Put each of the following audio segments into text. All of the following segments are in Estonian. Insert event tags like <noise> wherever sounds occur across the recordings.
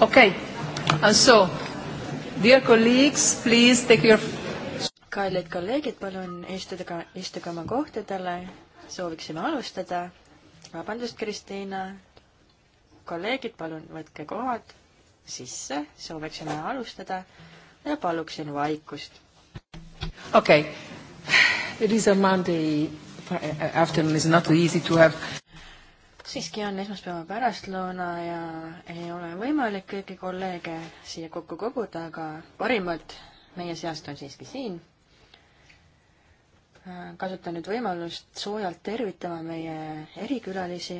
Okay. And so, dear colleagues, please take your... Kallid kolleegid, palun istuda, istuge oma kohtadele. Sooviksime alustada. Vabandust, Kristiina. Kolleegid, palun võtke kohad sisse. Sooviksime alustada ja paluksin vaikust. Okei. Okay. <sighs> It is a Monday afternoon. It's not easy to have siiski on esmaspäeva pärastlõuna ja ei ole võimalik kõiki kolleege siia kokku koguda, aga parimad meie seast on siiski siin. kasutan nüüd võimalust soojalt tervitama meie erikülalisi.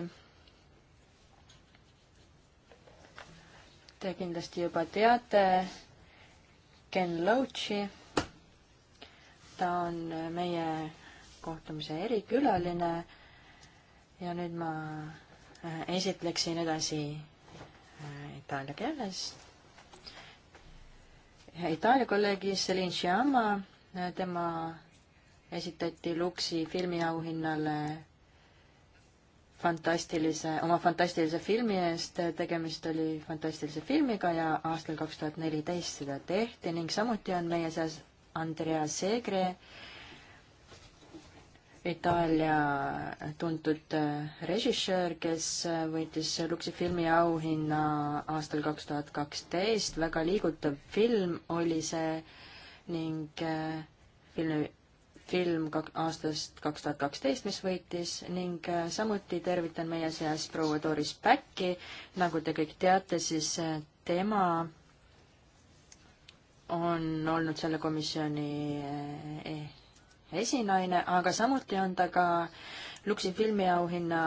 Te kindlasti juba teate Ken Loachi. ta on meie kohtumise erikülaline ja nüüd ma äh, esitleksin edasi äh, itaalia keeles. Itaalia kolleegi Celine Sciamma, äh, tema esitati Luksi filmiauhinnale fantastilise, oma fantastilise filmi eest, tegemist oli fantastilise filmiga ja aastal kaks tuhat neliteist seda tehti ning samuti on meie seas Andrea Segre äh, Itaalia tuntud äh, režissöör, kes äh, võitis Luksi filmiauhinna aastal kaks tuhat kaksteist, väga liigutav film oli see ning äh, filmi, film kak-, aastast kaks tuhat kaksteist, mis võitis ning samuti tervitan meie seas proua Doris Päkki, nagu te kõik teate, siis tema on olnud selle komisjoni eh, esinaine, aga samuti on ta ka Luksi filmiauhinna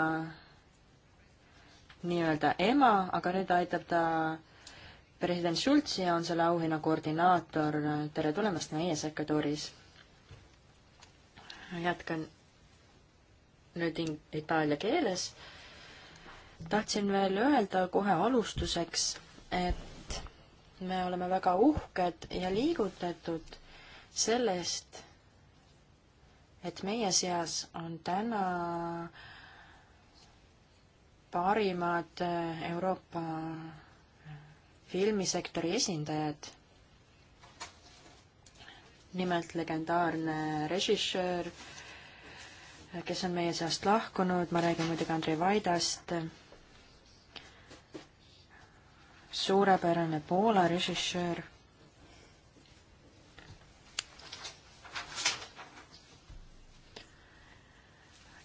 nii-öelda ema, aga nüüd aitab ta president Schultz ja on selle auhinna koordinaator. tere tulemast meie sekka, Doris! jätkan nüüd itaalia keeles. tahtsin veel öelda kohe alustuseks, et me oleme väga uhked ja liigutatud sellest, et meie seas on täna parimad äh, Euroopa filmisektori esindajad. nimelt legendaarne režissöör, äh, kes on meie seast lahkunud, ma räägin muidugi Andrei Vaidast, suurepärane Poola režissöör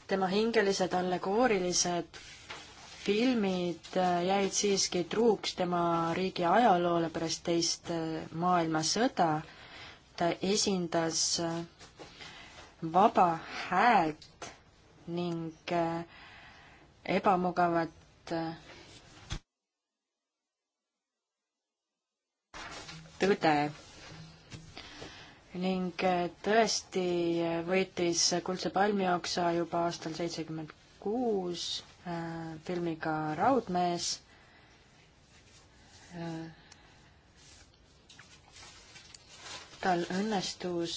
tema hingelised allegoorilised filmid äh, jäid siiski truuks tema riigi ajaloole pärast teist äh, maailmasõda. ta esindas äh, vaba häält ning ebamugavat tõde ning eh, tõesti eh, võitis Kuldse palmioksa juba aastal seitsekümmend kuus eh, filmiga Raudmees. tal õnnestus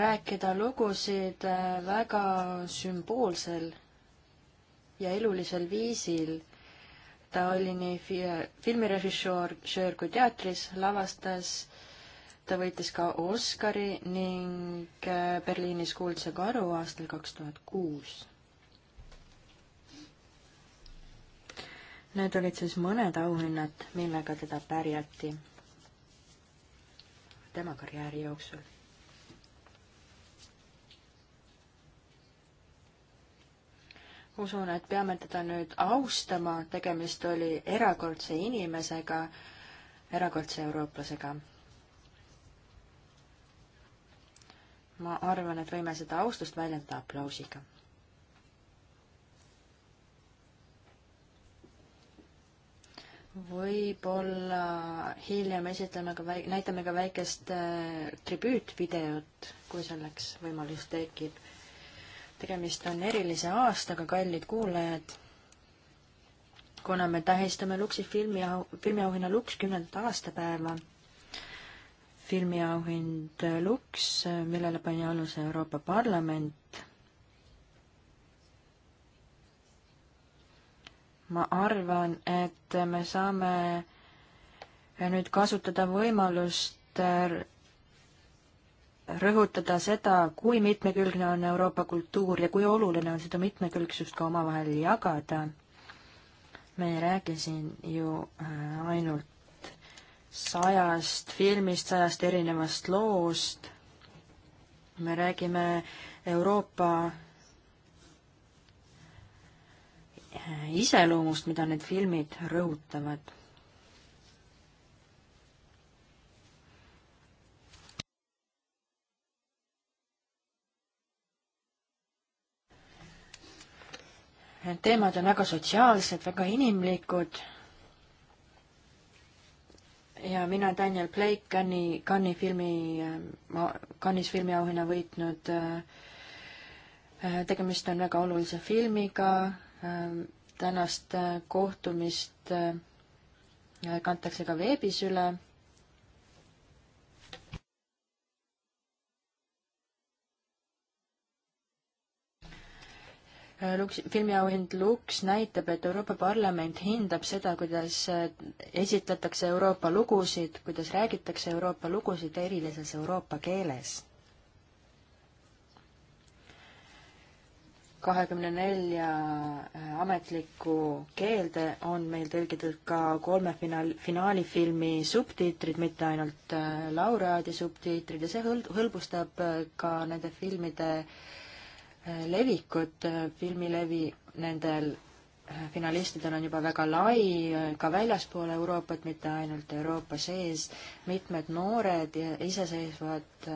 rääkida lugusid väga sümboolsel ja elulisel viisil Tallini filmirežissöör Žörgu teatris lavastas, ta võitis ka Oscari ning äh, Berliinis kuulsa karu aastal kaks tuhat kuus. Need olid siis mõned auhinnad, millega teda pärjati tema karjääri jooksul usun, et peame teda nüüd austama, tegemist oli erakordse inimesega, erakordse eurooplasega. ma arvan, et võime seda austust väljendada aplausiga võib-olla hiljem esitleme ka väi-, näitame ka väikest äh, tribüütvideot, kui selleks võimalus tekib tegemist on erilise aastaga, kallid kuulajad, kuna me tähistame Luksi filmi, filmiauhinna Luks kümnendat aastapäeva. filmiauhind Luks, millele pani aluse Euroopa Parlament. ma arvan, et me saame nüüd kasutada võimalust rõhutada seda, kui mitmekülgne on Euroopa kultuur ja kui oluline on seda mitmekülgsust ka omavahel jagada. me ei räägi siin ju äh, ainult sajast filmist, sajast erinevast loost, me räägime Euroopa äh, iseloomust, mida need filmid rõhutavad teemad on väga sotsiaalsed, väga inimlikud. ja mina, Daniel Blake, Cannes'i, Cannes'i filmi, Cannes'is filmiauhinna võitnud. Äh, äh, tegemist on väga olulise filmiga. Äh, tänast kohtumist kantakse ka veebis üle Äh, Lux, filmiauhind Lux näitab, et Euroopa Parlament hindab seda, kuidas äh, esitletakse Euroopa lugusid, kuidas räägitakse Euroopa lugusid erilises Euroopa keeles. kahekümne nelja äh, ametlikku keelde on meil tõlgitud ka kolme finaal, finaalifilmi subtiitrid, mitte ainult laureaadi subtiitrid ja see hõl-, hõlbustab ka nende filmide äh, levikut, filmilevi nendel finalistidel on juba väga lai ka väljaspool Euroopat, mitte ainult Euroopa sees. mitmed noored iseseisvad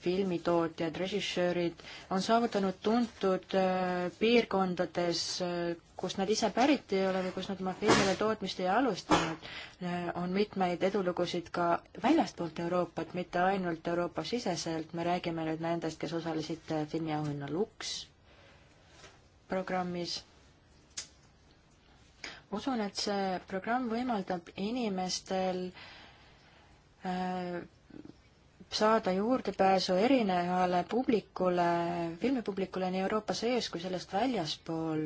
filmitootjad, režissöörid on saavutanud tuntud äh, piirkondades, äh, kus nad ise pärit ei ole või kus nad oma filmide tootmist ei alustanud, äh, on mitmeid edulugusid ka väljastpoolt Euroopat, mitte ainult Euroopa-siseselt, me räägime nüüd nendest, kes osalesid filmiauhinna Lux programmis. usun, et see programm võimaldab inimestel äh, saada juurdepääsu erinevale publikule, filmipublikule nii Euroopa sees kui sellest väljaspool.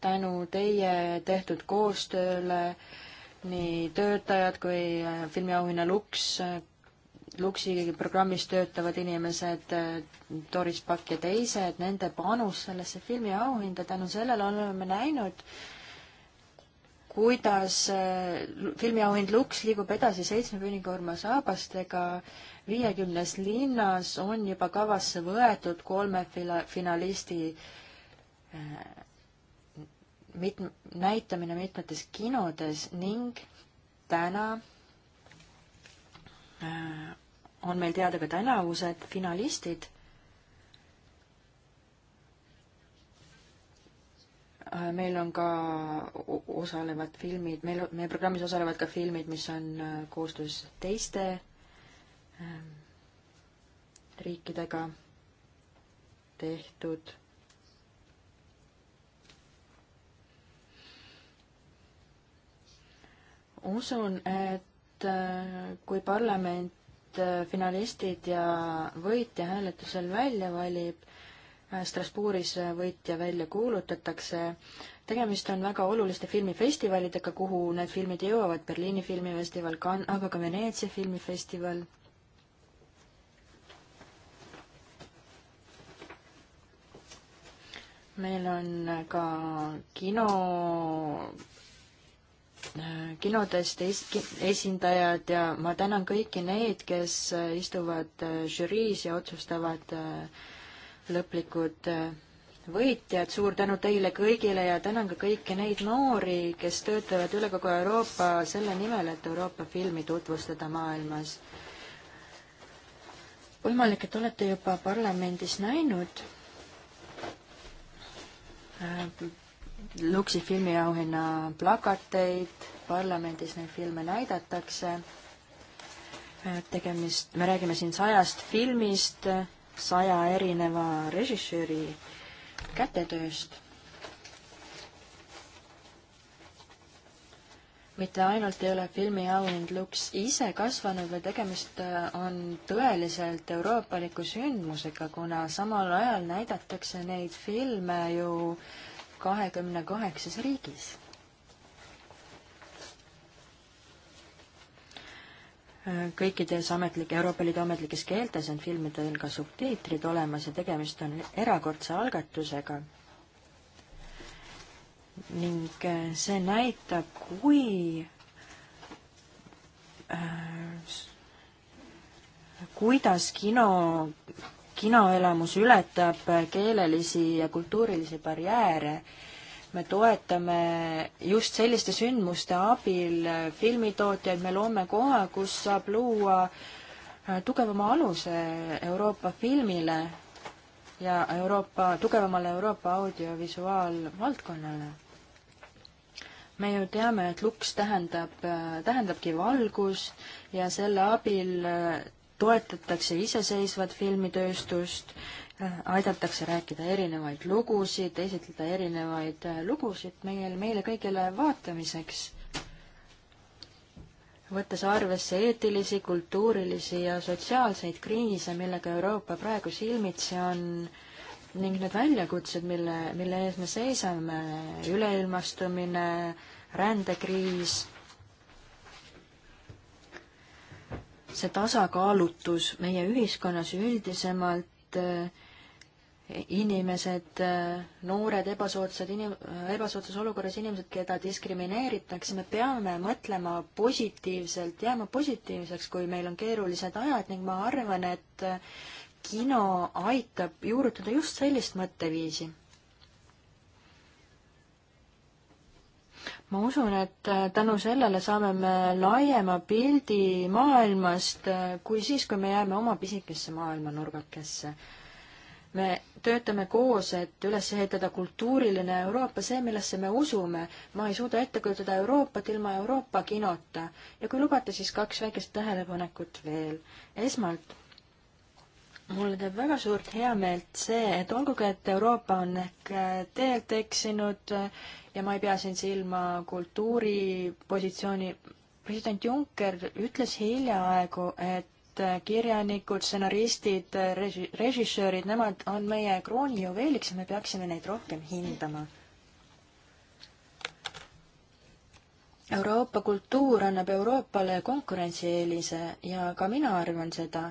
tänu teie tehtud koostööle nii töötajad kui äh, filmiauhinna Lux, äh, Luksi programmis töötavad inimesed, äh, Doris Pakk ja teised, nende panus sellesse filmiauhinda, tänu sellele oleme näinud, kuidas äh, filmiauhind Lux liigub edasi seitsme püünikoorma saabastega. viiekümnes linnas on juba kavasse võetud kolme fila-, finalisti äh, mit-, näitamine mitmetes kinodes ning täna äh, on meil teada ka tänavused finalistid Äh, meil on ka osalevad filmid, meil, meie programmis osalevad ka filmid, mis on äh, koostöös teiste ähm, riikidega tehtud. usun, et äh, kui parlament finalistid ja võitja hääletusel välja valib, Äh, Strasbourgis äh, võitja välja kuulutatakse. tegemist on väga oluliste filmifestivalidega, kuhu need filmid jõuavad, Berliini filmifestival, aga ka Veneetsia filmifestival. meil on äh, ka kino, kinodest es, esindajad ja ma tänan kõiki neid, kes istuvad žüriis ja otsustavad äh, lõplikud äh, võitjad, suur tänu teile kõigile ja tänan ka kõiki neid noori, kes töötavad üle kogu Euroopa selle nimel, et Euroopa filmi tutvustada maailmas. võimalik, et olete juba parlamendis näinud äh, Luksi filmiauhinna plakateid, parlamendis neid filme näidatakse, äh, tegemist, me räägime siin sajast filmist, saja erineva režissööri kätetööst. mitte ainult ei ole filmiauhind Lux ise kasvanud, vaid tegemist äh, on tõeliselt euroopaliku sündmusega, kuna samal ajal näidatakse neid filme ju kahekümne kaheksas riigis kõikides ametlik, Euroopa Liidu ametlikes keeltes on filmidel ka subtiitrid olemas ja tegemist on erakordse algatusega. ning äh, see näitab, kui äh, kuidas kino, kinoelamus ületab keelelisi ja kultuurilisi barjääre me toetame just selliste sündmuste abil filmitootjaid, me loome koha, kus saab luua äh, tugevama aluse Euroopa filmile ja Euroopa, tugevamale Euroopa audiovisuaalvaldkonnale. me ju teame, et luks tähendab, äh, tähendabki valgust ja selle abil äh, toetatakse iseseisvat filmitööstust aidatakse rääkida erinevaid lugusid, esitleda erinevaid äh, lugusid meil, meile kõigile vaatamiseks, võttes arvesse eetilisi, kultuurilisi ja sotsiaalseid kriise, millega Euroopa praegu silmitsi on, ning need väljakutsed, mille, mille ees me seisame, üleilmastumine, rändekriis, see tasakaalutus meie ühiskonnas üldisemalt, et äh, inimesed, noored ebasoodsad inim-, ebasoodsas olukorras inimesed, keda diskrimineeritakse, me peame mõtlema positiivselt, jääma positiivseks, kui meil on keerulised ajad ning ma arvan, et kino aitab juurutada just sellist mõtteviisi. ma usun, et tänu sellele saame me laiema pildi maailmast kui siis, kui me jääme oma pisikesse maailmanurgakesse me töötame koos, et üles ehitada kultuuriline Euroopa, see, millesse me usume. ma ei suuda ette kujutada Euroopat ilma Euroopa kinota. ja kui lubate, siis kaks väikest tähelepanekut veel. esmalt, mulle teeb väga suurt heameelt see, et olgugi, et Euroopa on ehk äh, teelt eksinud äh, ja ma ei pea siin silma kultuuripositsiooni, president Juncker ütles hiljaaegu, et kirjanikud, stsenaristid, režissöörid, nemad on meie kroonijuveeliks ja me peaksime neid rohkem hindama. Euroopa kultuur annab Euroopale konkurentsieelise ja ka mina arvan seda.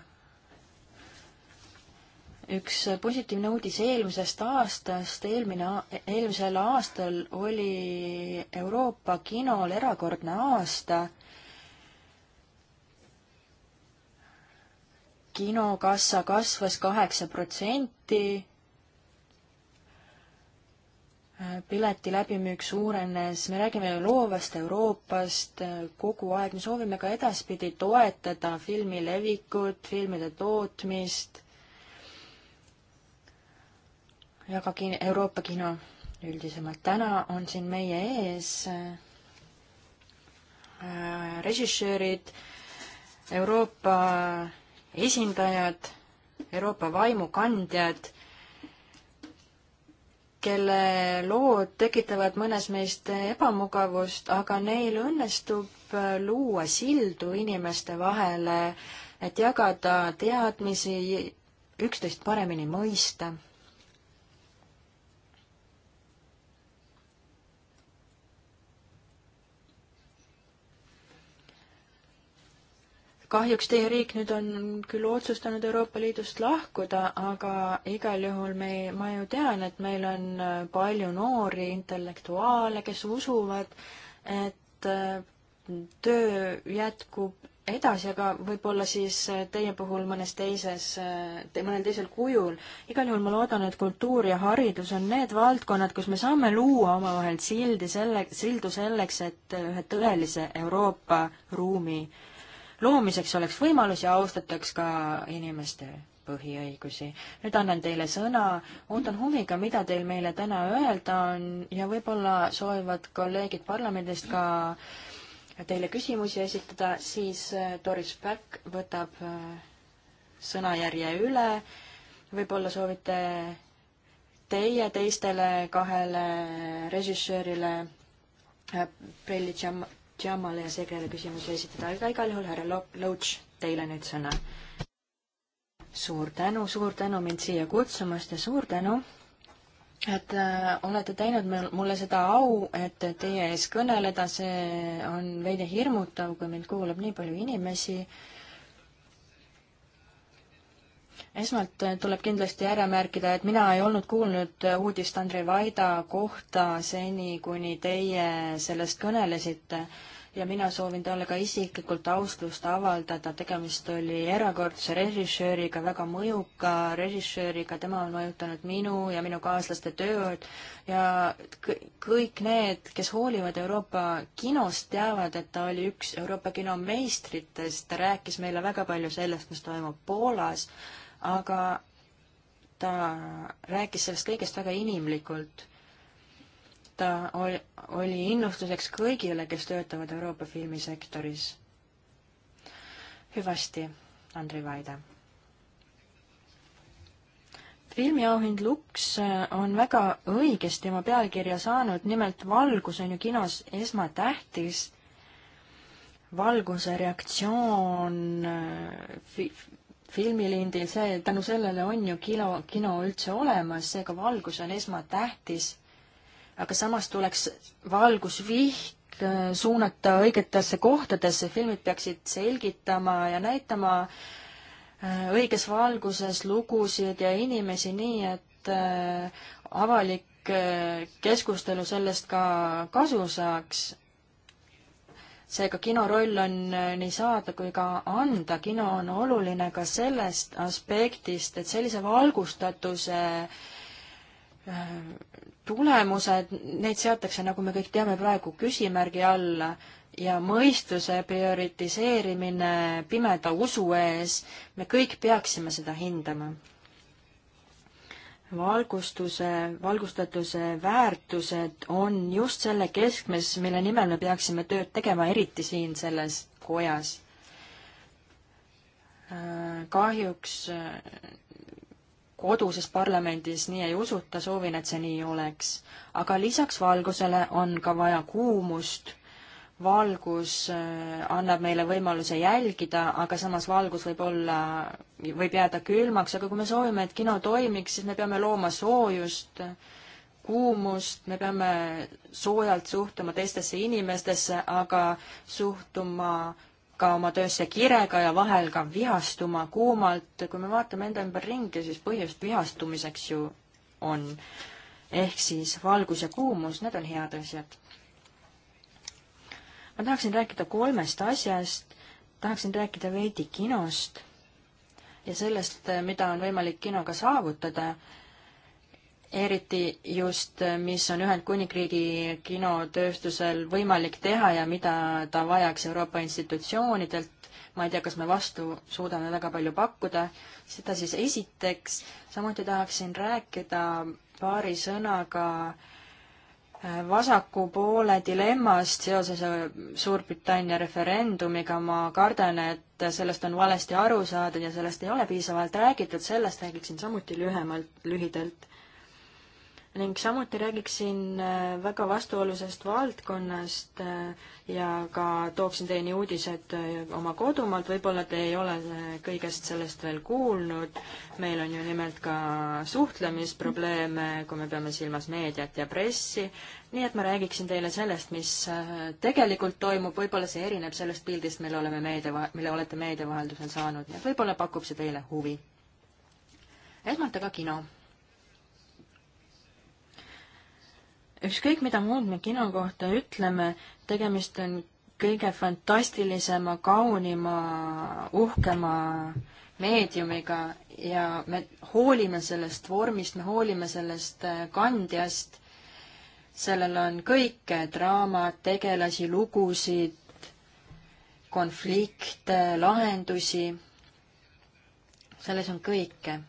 üks positiivne uudis eelmisest aastast, eelmine, eelmisel aastal oli Euroopa kinol erakordne aasta kinokassa kasvas kaheksa protsenti, pileti läbimüük suurenes, me räägime ju loovast Euroopast kogu aeg, me soovime ka edaspidi toetada filmi levikut, filmide tootmist ja ka kin-, Euroopa kino üldisemalt. täna on siin meie ees äh, režissöörid Euroopa esindajad, Euroopa vaimukandjad, kelle lood tekitavad mõnes meist ebamugavust, aga neil õnnestub äh, luua sildu inimeste vahele, et jagada teadmisi, üksteist paremini mõista kahjuks teie riik nüüd on küll otsustanud Euroopa Liidust lahkuda, aga igal juhul me, ma ju tean, et meil on äh, palju noori intellektuaale, kes usuvad, et äh, töö jätkub edasi, aga võib-olla siis äh, teie puhul mõnes teises te,, mõnel teisel kujul. igal juhul ma loodan, et kultuur ja haridus on need valdkonnad, kus me saame luua omavahel sildi selle, sildu selleks, et ühe tõelise Euroopa ruumi äh, loomiseks oleks võimalus ja austataks ka inimeste põhiõigusi. nüüd annan teile sõna, ootan huviga, mida teil meile täna öelda on ja võib-olla soovivad kolleegid parlamendist ka teile küsimusi esitada, siis äh, Doris Päkk võtab äh, sõnajärje üle, võib-olla soovite teie teistele kahele režissöörile äh, Prelli Tšam-, Jamale ja Segrele küsimusi esitada, aga igal juhul härra Loach, teile nüüd sõna. suur tänu, suur tänu mind siia kutsumast ja suur tänu, et äh, olete teinud mulle seda au, et teie ees kõneleda, see on veidi hirmutav, kui mind kuulab nii palju inimesi äh, esmalt äh, tuleb kindlasti ära märkida, et mina ei olnud kuulnud äh, uudist Andrei Vaida kohta seni, kuni teie sellest kõnelesite ja mina soovin talle ka isiklikult austust avaldada, tegemist oli erakordse režissööriga, väga mõjuka režissööriga, tema on mõjutanud minu ja minu kaaslaste tööd ja kõik need, kes hoolivad Euroopa kinost, teavad, et ta oli üks Euroopa kino meistritest, ta rääkis meile väga palju sellest, mis toimub Poolas aga ta rääkis sellest kõigest väga inimlikult. ta oli, oli innustuseks kõigile, kes töötavad Euroopa filmisektoris. hüvasti, Andrei Vaide. filmiauhind Lux on väga õigesti oma pealkirja saanud, nimelt valgus on ju kinos esmatähtis valguse reaktsioon äh, filmilindil, see, tänu sellele on ju kino, kino üldse olemas, seega valgus on esmatähtis. aga samas tuleks valgusvihk äh, suunata õigetesse kohtadesse, filmid peaksid selgitama ja näitama äh, õiges valguses lugusid ja inimesi nii, et äh, avalik keskustelu sellest ka kasu saaks seega kino roll on äh, nii saada kui ka anda, kino on oluline ka sellest aspektist, et sellise valgustatuse äh, tulemused, neid seatakse, nagu me kõik teame, praegu küsimärgi alla ja mõistuse prioritiseerimine pimeda usu ees, me kõik peaksime seda hindama valgustuse, valgustatuse väärtused on just selle keskmes, mille nimel me peaksime tööd tegema, eriti siin selles kojas. kahjuks äh, koduses parlamendis nii ei usuta, soovin, et see nii oleks. aga lisaks valgusele on ka vaja kuumust valgus äh, annab meile võimaluse jälgida, aga samas valgus võib olla, võib jääda külmaks, aga kui me soovime, et kino toimiks, siis me peame looma soojust, kuumust, me peame soojalt suhtuma teistesse inimestesse, aga suhtuma ka oma töösse kirega ja vahel ka vihastuma kuumalt. kui me vaatame enda ümber ringi, siis põhjust vihastumiseks ju on. ehk siis valgus ja kuumus, need on head asjad ma tahaksin rääkida kolmest asjast, tahaksin rääkida veidi kinost ja sellest, mida on võimalik kinoga saavutada, eriti just, mis on Ühendkuningriigi kinotööstusel võimalik teha ja mida ta vajaks Euroopa institutsioonidelt, ma ei tea, kas me vastu suudame väga palju pakkuda, seda siis esiteks, samuti tahaksin rääkida paari sõnaga äh, vasaku poole dilemmast seoses äh, Suurbritannia referendumiga ma kardan, et sellest on valesti aru saadud ja sellest ei ole piisavalt räägitud, sellest räägiksin samuti lühemalt, lühidalt ning samuti räägiksin äh, väga vastuolulisest valdkonnast äh, ja ka tooksin teieni uudised äh, oma kodumaalt, võib-olla te ei ole kõigest sellest veel kuulnud, meil on ju nimelt ka suhtlemisprobleeme, kui me peame silmas meediat ja pressi, nii et ma räägiksin teile sellest, mis tegelikult toimub, võib-olla see erineb sellest pildist, mille oleme meedia, mille olete meedia vaheldusel saanud, nii et võib-olla pakub see teile huvi. esmalt aga kino ükskõik, mida muud me kino kohta ütleme, tegemist on kõige fantastilisema, kaunima, uhkema meediumiga ja me hoolime sellest vormist, me hoolime sellest äh, kandjast. sellel on kõike, äh, draamat, tegelasi, lugusid, konflikte, lahendusi. selles on kõike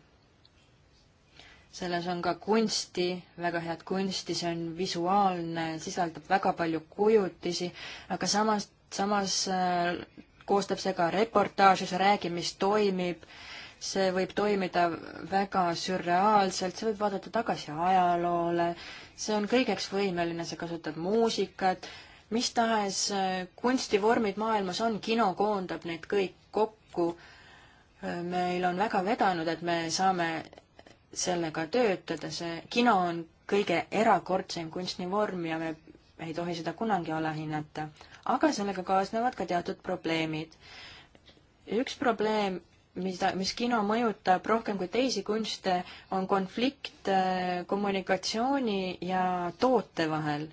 selles on ka kunsti, väga head kunsti, see on visuaalne, sisaldab väga palju kujutisi, aga samas, samas äh, koostab see ka reportaaži, see räägib, mis toimib, see võib toimida väga sürreaalselt, see võib vaadata tagasi ajaloole, see on kõigeks võimeline, see kasutab muusikat, mis tahes äh, kunstivormid maailmas on, kino koondab neid kõik kokku. Äh, meil on väga vedanud, et me saame sellega töötada, see kino on kõige erakordsem kunstnivorm ja me ei tohi seda kunagi alahinnata. aga sellega kaasnevad ka teatud probleemid. üks probleem, mida, mis kino mõjutab rohkem kui teisi kunste, on konflikt äh, kommunikatsiooni ja toote vahel.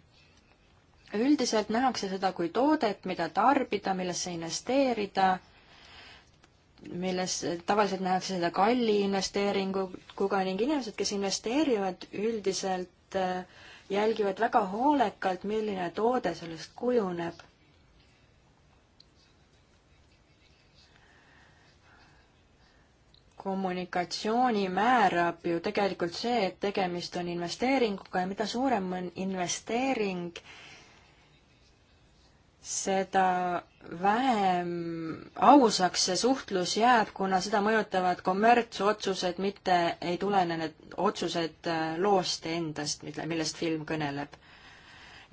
üldiselt nähakse seda kui toodet, mida tarbida, millesse investeerida milles tavaliselt nähakse seda kalli investeeringuga ning inimesed, kes investeerivad, üldiselt äh, jälgivad väga hoolekalt, milline toode sellest kujuneb. kommunikatsiooni määrab ju tegelikult see, et tegemist on investeeringuga ja mida suurem on investeering, seda vähem ausaks see suhtlus jääb, kuna seda mõjutavad kommertsotsused, mitte ei tulene need otsused äh, loost endast, mille, millest film kõneleb.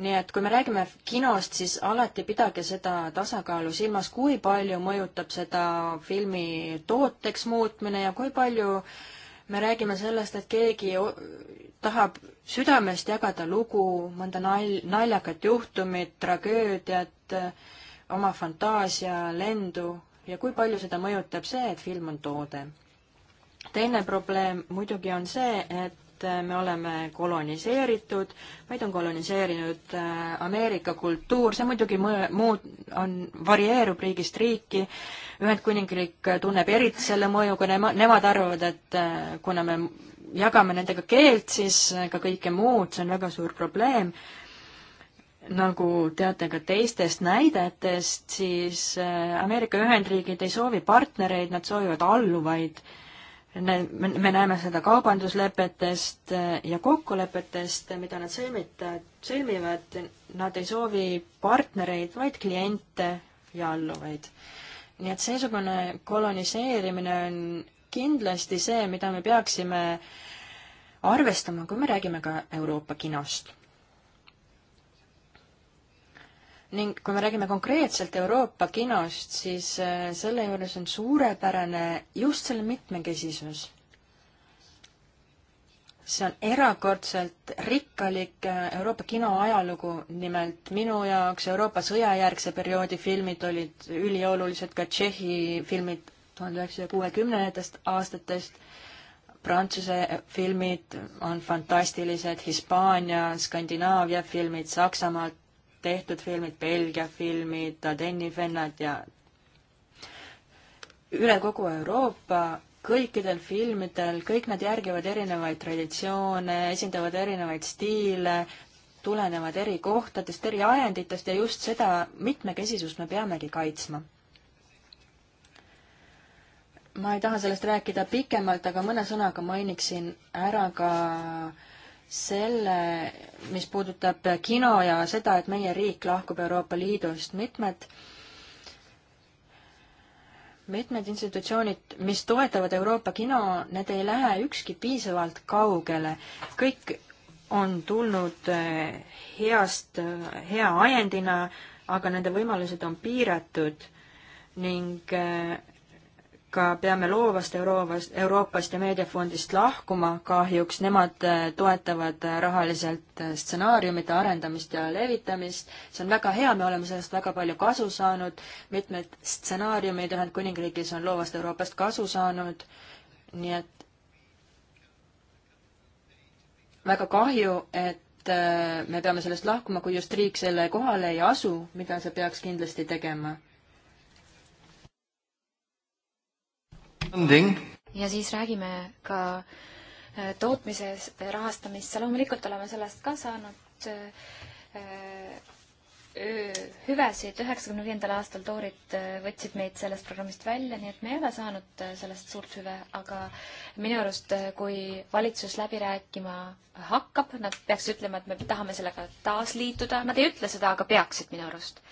nii et kui me räägime kinost, siis alati pidage seda tasakaalu silmas, kui palju mõjutab seda filmi tooteks muutmine ja kui palju me räägime sellest, et keegi tahab südamest jagada lugu, mõnda nal-, naljakat juhtumit, tragöödiat, Äh, oma fantaasia, lendu ja kui palju seda mõjutab see, et film on toode. teine probleem muidugi on see, et äh, me oleme koloniseeritud, meid on koloniseerinud äh, Ameerika kultuur, see muidugi muud on, varieerub riigist riiki, Ühendkuningriik tunneb eriti selle mõju, kui nema, nemad arvavad, et kuna me jagame nendega keelt, siis ka kõike muud, see on väga suur probleem nagu teate ka teistest näidetest, siis äh, Ameerika Ühendriigid ei soovi partnereid, nad soovivad alluvaid. me näeme seda kaubanduslepetest äh, ja kokkulepetest, mida nad sõlmita, sõlmivad, nad ei soovi partnereid, vaid kliente ja alluvaid. nii et seesugune koloniseerimine on kindlasti see, mida me peaksime arvestama, kui me räägime ka Euroopa kinost ning kui me räägime konkreetselt Euroopa kinost, siis äh, selle juures on suurepärane just selle mitmekesisus. see on erakordselt rikkalik äh, Euroopa kino ajalugu, nimelt minu jaoks Euroopa sõjajärgse perioodi filmid olid üliolulised, ka Tšehhi filmid tuhande üheksasaja kuuekümnendatest aastatest, Prantsuse äh, filmid on fantastilised, Hispaania, Skandinaavia filmid Saksamaalt, tehtud filmid, Belgia filmid, Deni vennad ja üle kogu Euroopa kõikidel filmidel, kõik nad järgivad erinevaid traditsioone, esindavad erinevaid stiile, tulenevad eri kohtadest, eri ajenditest ja just seda mitmekesisust me peamegi kaitsma. ma ei taha sellest rääkida pikemalt, aga mõne sõnaga mainiksin ära ka äh, selle, mis puudutab kino ja seda, et meie riik lahkub Euroopa Liidust, mitmed mitmed institutsioonid, mis toetavad Euroopa kino, need ei lähe ükski piisavalt kaugele. kõik on tulnud eh, heast, eh, hea ajendina, aga nende võimalused on piiratud ning eh, ka peame loovast Euroopast, Euroopast ja meediafondist lahkuma, kahjuks nemad äh, toetavad äh, rahaliselt äh, stsenaariumite arendamist ja levitamist. see on väga hea, me oleme sellest väga palju kasu saanud, mitmed stsenaariumid Ühendkuningriigis on loovast Euroopast kasu saanud, nii et väga kahju, et me peame sellest lahkuma, kui just riik selle kohale ei asu, mida see peaks kindlasti tegema ja siis räägime ka äh, tootmise rahastamist, loomulikult oleme sellest ka saanud äh, hüvesid, üheksakümne viiendal aastal toorid äh, võtsid meid sellest programmist välja, nii et me ei ole saanud sellest suurt hüve, aga minu arust, kui valitsus läbi rääkima hakkab, nad peaks ütlema, et me tahame sellega taasliituda, nad ei ütle seda, aga peaksid minu arust.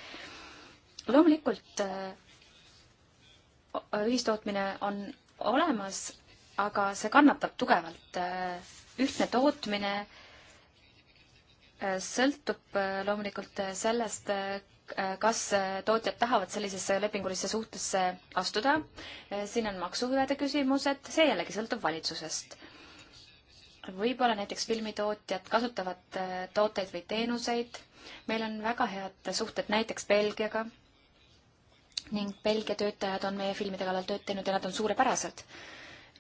loomulikult ühistootmine on olemas, aga see kannatab tugevalt. ühtne tootmine äh, sõltub äh, loomulikult äh, sellest, kas tootjad tahavad sellisesse lepingulisse suhtesse astuda. siin on maksuhüvede küsimused, see jällegi sõltub valitsusest. võib-olla näiteks filmitootjad kasutavad tooteid või teenuseid. meil on väga head suhted näiteks Belgiaga ning Belgia töötajad on meie filmide kallal tööd teinud ja nad on suurepärased.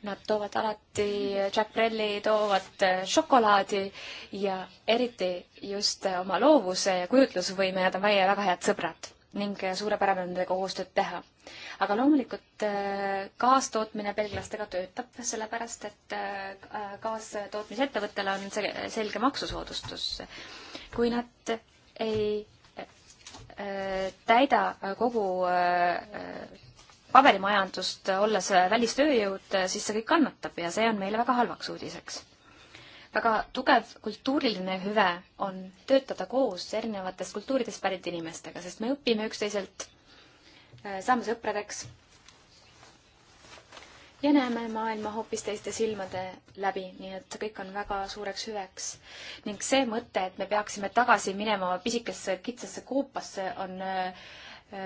Nad toovad alati Jack Brelli, toovad äh, šokolaadi ja eriti just äh, oma loovuse ja kujutlusvõime, nad on meie väga head sõbrad ning äh, suurepärane on nendega koostööd teha. aga loomulikult kaastootmine belglastega töötab, sellepärast et kaastootmisettevõttele on selge maksusoodustus. kui nad ei täida kogu äh, paberimajandust, olles välistööjõud, siis see kõik kannatab ja see on meile väga halvaks uudiseks. väga tugev kultuuriline hüve on töötada koos erinevatest kultuuridest pärit inimestega, sest me õpime üksteiselt, äh, saame sõpradeks ja näeme maailma hoopis teiste silmade läbi, nii et kõik on väga suureks hüveks. ning see mõte, et me peaksime tagasi minema pisikesse kitsasse koopasse, on äh,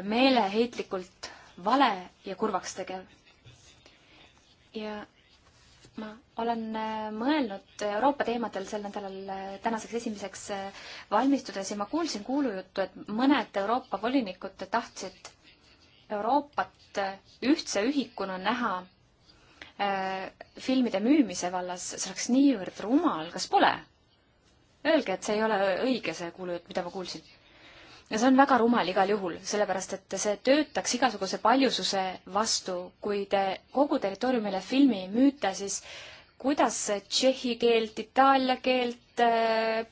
meeleheitlikult vale ja kurvaks tegev. ja ma olen äh, mõelnud Euroopa teemadel sel nädalal äh, tänaseks esimeseks valmistudes ja ma kuulsin kuulujuttu, et mõned Euroopa volinikud tahtsid Euroopat ühtse ühikuna näha Äh, filmide müümise vallas, see oleks niivõrd rumal, kas pole? Öelge, et see ei ole õige, see kuulujutt, mida ma kuulsin. ja see on väga rumal igal juhul, sellepärast et see töötaks igasuguse paljususe vastu, kui te kogu territooriumile filmi müüte, siis kuidas tšehhi keelt, itaalia keelt äh,,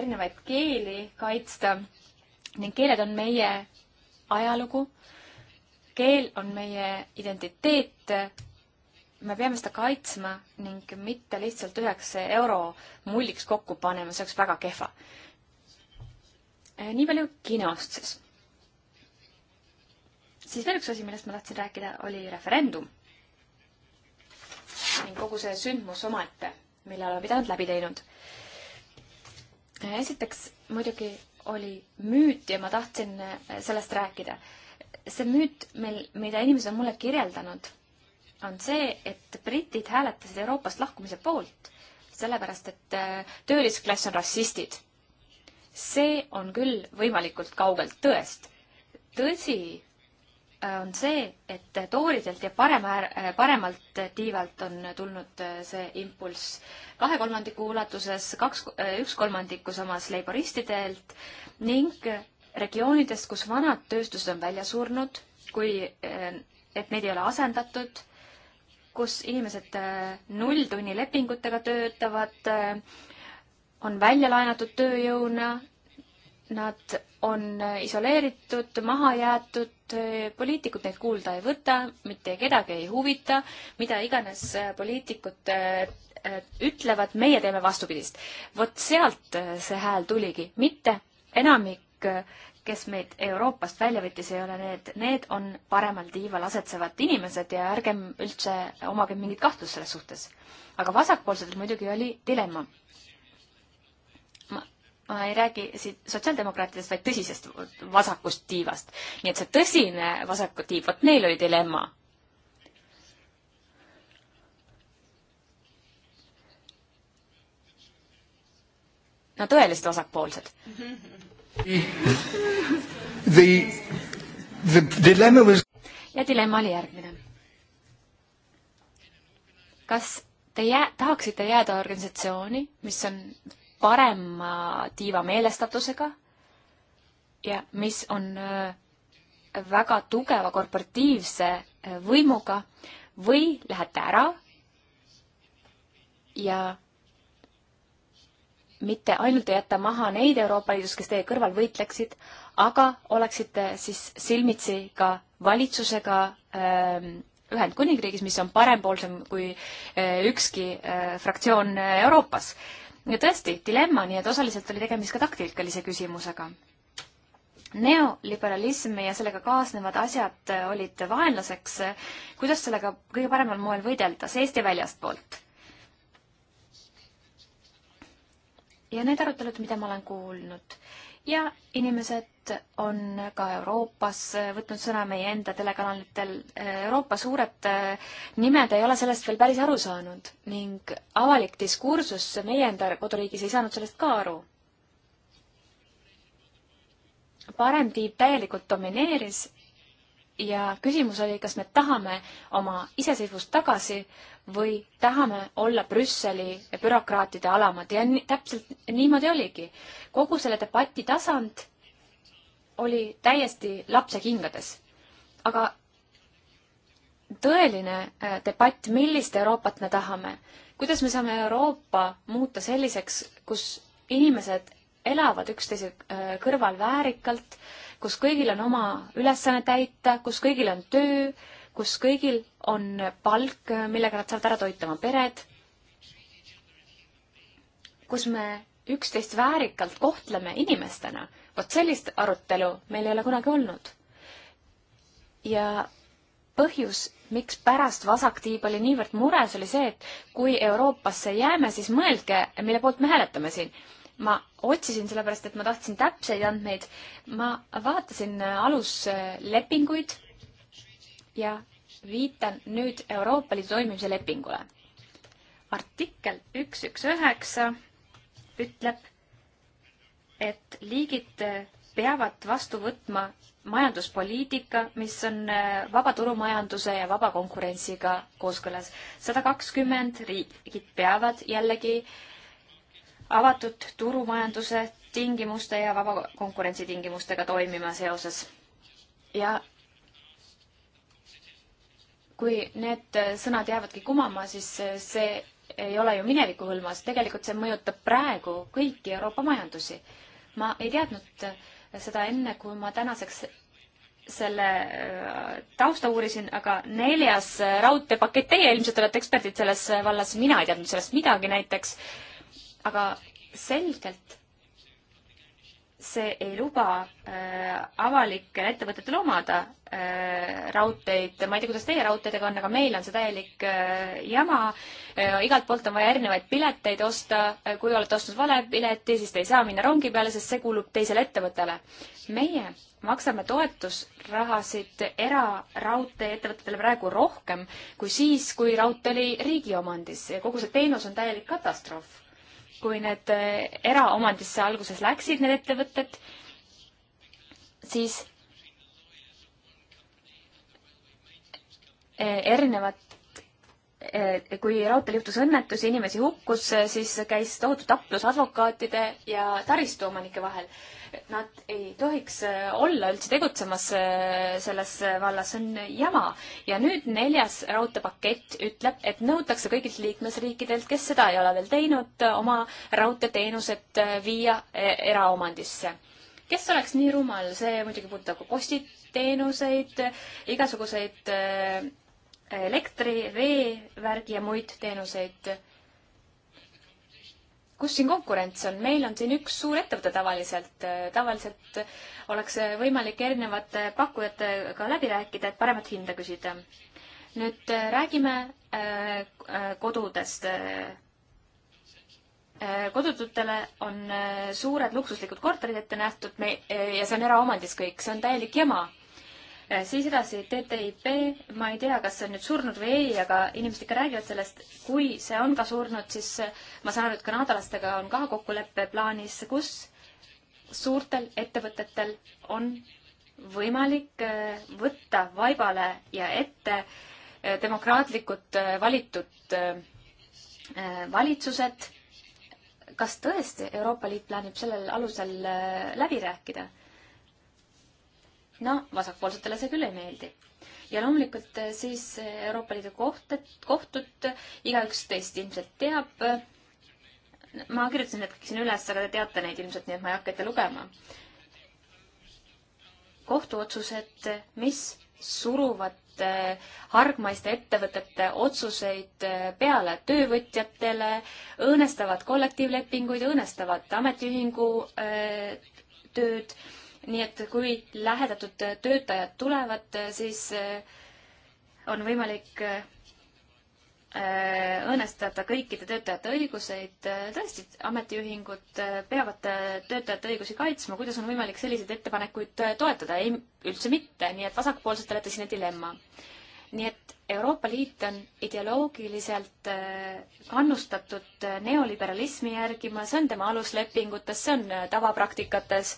erinevaid keeli kaitsta ning keeled on meie ajalugu, keel on meie identiteet me peame seda kaitsma ning mitte lihtsalt üheks euro mulliks kokku panema, see oleks väga kehva. Eh, nii palju kinost siis. siis veel üks asi, millest ma tahtsin rääkida, oli referendum. ning kogu see sündmus omaette, mille oleme pidanud läbi teinud. Eh, esiteks muidugi oli müüt ja ma tahtsin eh, sellest rääkida. see müüt, mil, mida inimesed on mulle kirjeldanud on see, et britid hääletasid Euroopast lahkumise poolt, sellepärast et äh, töölisklass on rassistid. see on küll võimalikult kaugelt tõest. tõsi äh, on see, et tooridelt ja parem, äh, paremalt tiivalt on tulnud see impulss kahe kolmandiku ulatuses, kaks, üks kolmandiku samas leiboristidelt ning regioonidest, kus vanad tööstused on välja surnud, kui, et neid ei ole asendatud kus inimesed äh, nulltunni lepingutega töötavad, äh, on välja laenatud tööjõuna, nad on äh, isoleeritud, maha jäetud, poliitikud neid kuulda ei võta, mitte kedagi ei huvita, mida iganes poliitikud ütlevad, meie teeme vastupidist. vot sealt see hääl tuligi, mitte enamik kes meid Euroopast välja võttis, ei ole need, need on paremal tiival asetsevad inimesed ja ärgem üldse omagem mingit kahtlust selles suhtes. aga vasakpoolsetel muidugi oli dilemma. ma, ma ei räägi siit sotsiaaldemokraatidest, vaid tõsisest vasakust tiivast. nii et see tõsine vasaku tiib, vot neil oli dilemma no tõelised vasakpoolsed mm. <laughs> -hmm. The, the dilemma was... ja dilemma oli järgmine. kas te jää-, tahaksite jääda organisatsiooni, mis on parema tiiva meelestatusega ja mis on äh, väga tugeva korporatiivse äh, võimuga või lähete ära ja mitte ainult ei jäta maha neid Euroopa Liidus, kes teie kõrval võitleksid, aga oleksite siis silmitsi ka valitsusega ähm, Ühendkuningriigis, mis on parempoolsem kui äh, ükski äh, fraktsioon äh, Euroopas. ja tõesti, dilemma, nii et osaliselt oli tegemist ka taktikalise küsimusega. neoliberalism ja sellega kaasnevad asjad olid vaenlaseks. kuidas sellega kõige paremal moel võidelda seest ja väljastpoolt? ja need arutelud, mida ma olen kuulnud ja inimesed on ka Euroopas võtnud sõna meie enda telekanalitel. Euroopa suured äh, nimed ei ole sellest veel päris aru saanud ning avalik diskursus meie enda koduriigis ei saanud sellest ka aru. parem tiib täielikult domineeris ja küsimus oli, kas me tahame oma iseseisvust tagasi või tahame olla Brüsseli bürokraatide alamad ja nii, täpselt niimoodi oligi. kogu selle debati tasand oli täiesti lapsekingades. aga tõeline äh, debatt, millist Euroopat me tahame, kuidas me saame Euroopa muuta selliseks, kus inimesed elavad üksteise äh, kõrval väärikalt äh, kus kõigil on oma ülesanne täita, kus kõigil on töö, kus kõigil on palk, millega nad saavad ära toita oma pered, kus me üksteist väärikalt kohtleme inimestena. vot sellist arutelu meil ei ole kunagi olnud. ja põhjus, miks pärast vasaktiib oli niivõrd mures, oli see, et kui Euroopasse jääme, siis mõelge, mille poolt me hääletame siin ma otsisin sellepärast, et ma tahtsin täpseid andmeid. ma vaatasin aluslepinguid ja viitan nüüd Euroopa Liidu toimimise lepingule. artikkel üks, üks, üheksa ütleb, et liigid peavad vastu võtma majanduspoliitika, mis on äh, vaba turumajanduse ja vaba konkurentsiga kooskõlas. sada kakskümmend riigid peavad jällegi äh, avatud turumajanduse tingimuste ja vaba konkurentsi tingimustega toimima seoses. ja kui need sõnad jäävadki kumama, siis see ei ole ju mineviku hõlmas, tegelikult see mõjutab praegu kõiki Euroopa majandusi. ma ei teadnud seda enne, kui ma tänaseks selle äh, tausta uurisin, aga neljas raudteepakett, teie ilmselt olete eksperdid selles vallas, mina ei teadnud sellest midagi näiteks aga selgelt see ei luba äh, avalikel ettevõtetel omada äh, raudteid, ma ei tea, kuidas teie raudteedega on, aga meil on see täielik äh, jama äh,. igalt poolt on vaja erinevaid pileteid osta äh,, kui olete ostnud vale pileti, siis te ei saa minna rongi peale, sest see kuulub teisele ettevõttele. meie maksame toetusrahasid eraraudtee-ettevõtetele praegu rohkem kui siis, kui raudtee oli riigi omandis ja kogu see teenus on täielik katastroof kui need äh, eraomandisse alguses läksid, need ettevõtted, siis äh, erinevad kui raudteel juhtus õnnetus ja inimesi hukkus, siis käis tohutu taplus advokaatide ja taristuomanike vahel. Nad ei tohiks olla üldse tegutsemas äh, selles vallas, see on jama. ja nüüd neljas raudteepakett ütleb, et nõutakse kõigilt liikmesriikidelt, kes seda ei ole veel teinud, oma raudteeteenused äh, viia äh, eraomandisse. kes oleks nii rumal, see muidugi puudutab ka postiteenuseid, igasuguseid elektri, vee, värgi ja muid teenuseid. kus siin konkurents on? meil on siin üks suur ettevõte tavaliselt. tavaliselt oleks võimalik erinevate pakkujatega läbi rääkida, et paremat hinda küsida. nüüd äh, räägime äh, äh, kodudest. kodututele on suured luksuslikud korterid ette nähtud me, ja see on eraomandis kõik, see on täielik jama Äh, siis edasi TTIP, ma ei tea, kas see on nüüd surnud või ei, aga inimesed ikka räägivad sellest, kui see on ka surnud, siis äh, ma saan aru, et kanadalastega on ka kokkulepe plaanis, kus suurtel ettevõtetel on võimalik äh, võtta vaibale ja ette demokraatlikult valitud valitsused. kas tõesti Euroopa Liit plaanib sellel alusel läbi rääkida? no vasakpoolsetele see küll ei meeldi. ja loomulikult eh, siis eh, Euroopa Liidu koht, kohtud, eh, igaüks teist ilmselt teab, ma kirjutasin need kõik siin üles, aga te teate neid ilmselt, nii et ma ei hakka ette lugema. kohtuotsused, mis suruvad hargmaiste ettevõtete otsuseid peale töövõtjatele, õõnestavad kollektiivlepinguid, õõnestavad ametiühingu öö, tööd nii et kui lähedatud töötajad tulevad, eh, siis eh, on võimalik eh, õõnestada kõikide töötajate õiguseid. tõesti, ametiühingud peavad töötajate õigusi kaitsma, kuidas on võimalik selliseid ettepanekuid toetada? ei, üldse mitte, nii et vasakpoolsetele tõsine dilemma. nii et Euroopa Liit on ideoloogiliselt kannustatud neoliberalismi järgima, see on tema aluslepingutes, see on tavapraktikates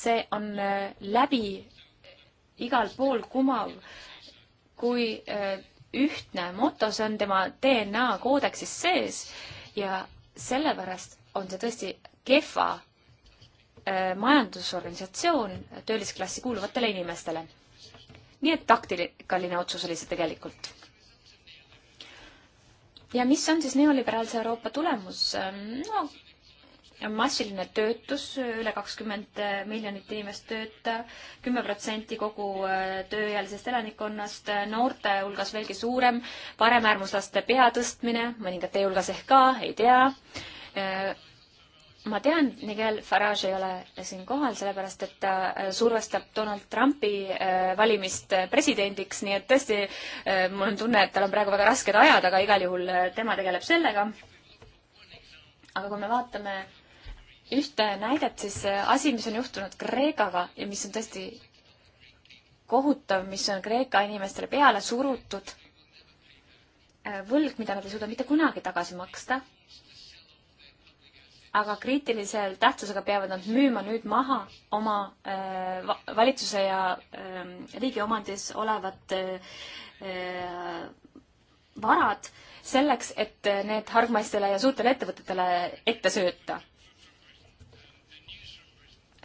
see on äh, läbi igal pool kumav, kui äh, ühtne moto, see on tema DNA koodeksis sees ja sellepärast on see tõesti kehva äh, majandusorganisatsioon töölisklassi kuuluvatele inimestele. nii et taktikaline otsus oli see tegelikult. ja mis on siis neoliberaalse Euroopa tulemus? Ähm, no massiline töötus, üle kakskümmend miljonit inimest tööta, kümme protsenti kogu äh, tööealisest elanikkonnast, äh, noorte hulgas veelgi suurem, paremäärmuslaste pea tõstmine, mõningate hulgas ehk ka, ei tea. Äh, ma tean, Nigel Farage ei ole siin kohal, sellepärast et ta survestab Donald Trumpi valimist presidendiks, nii et tõesti, mul on tunne, et tal on praegu väga rasked ajad, aga igal juhul tema tegeleb sellega. aga kui me vaatame ühte näidet, siis asi, mis on juhtunud Kreekaga ja mis on tõesti kohutav, mis on Kreeka inimestele peale surutud, äh, võlg, mida nad ei suuda mitte kunagi tagasi maksta, aga kriitilisel tähtsusega peavad nad müüma nüüd maha oma äh, valitsuse ja äh, riigi omandis olevat äh, äh, varad selleks, et äh, need hargmaistele ja suurtele ettevõtetele ette sööta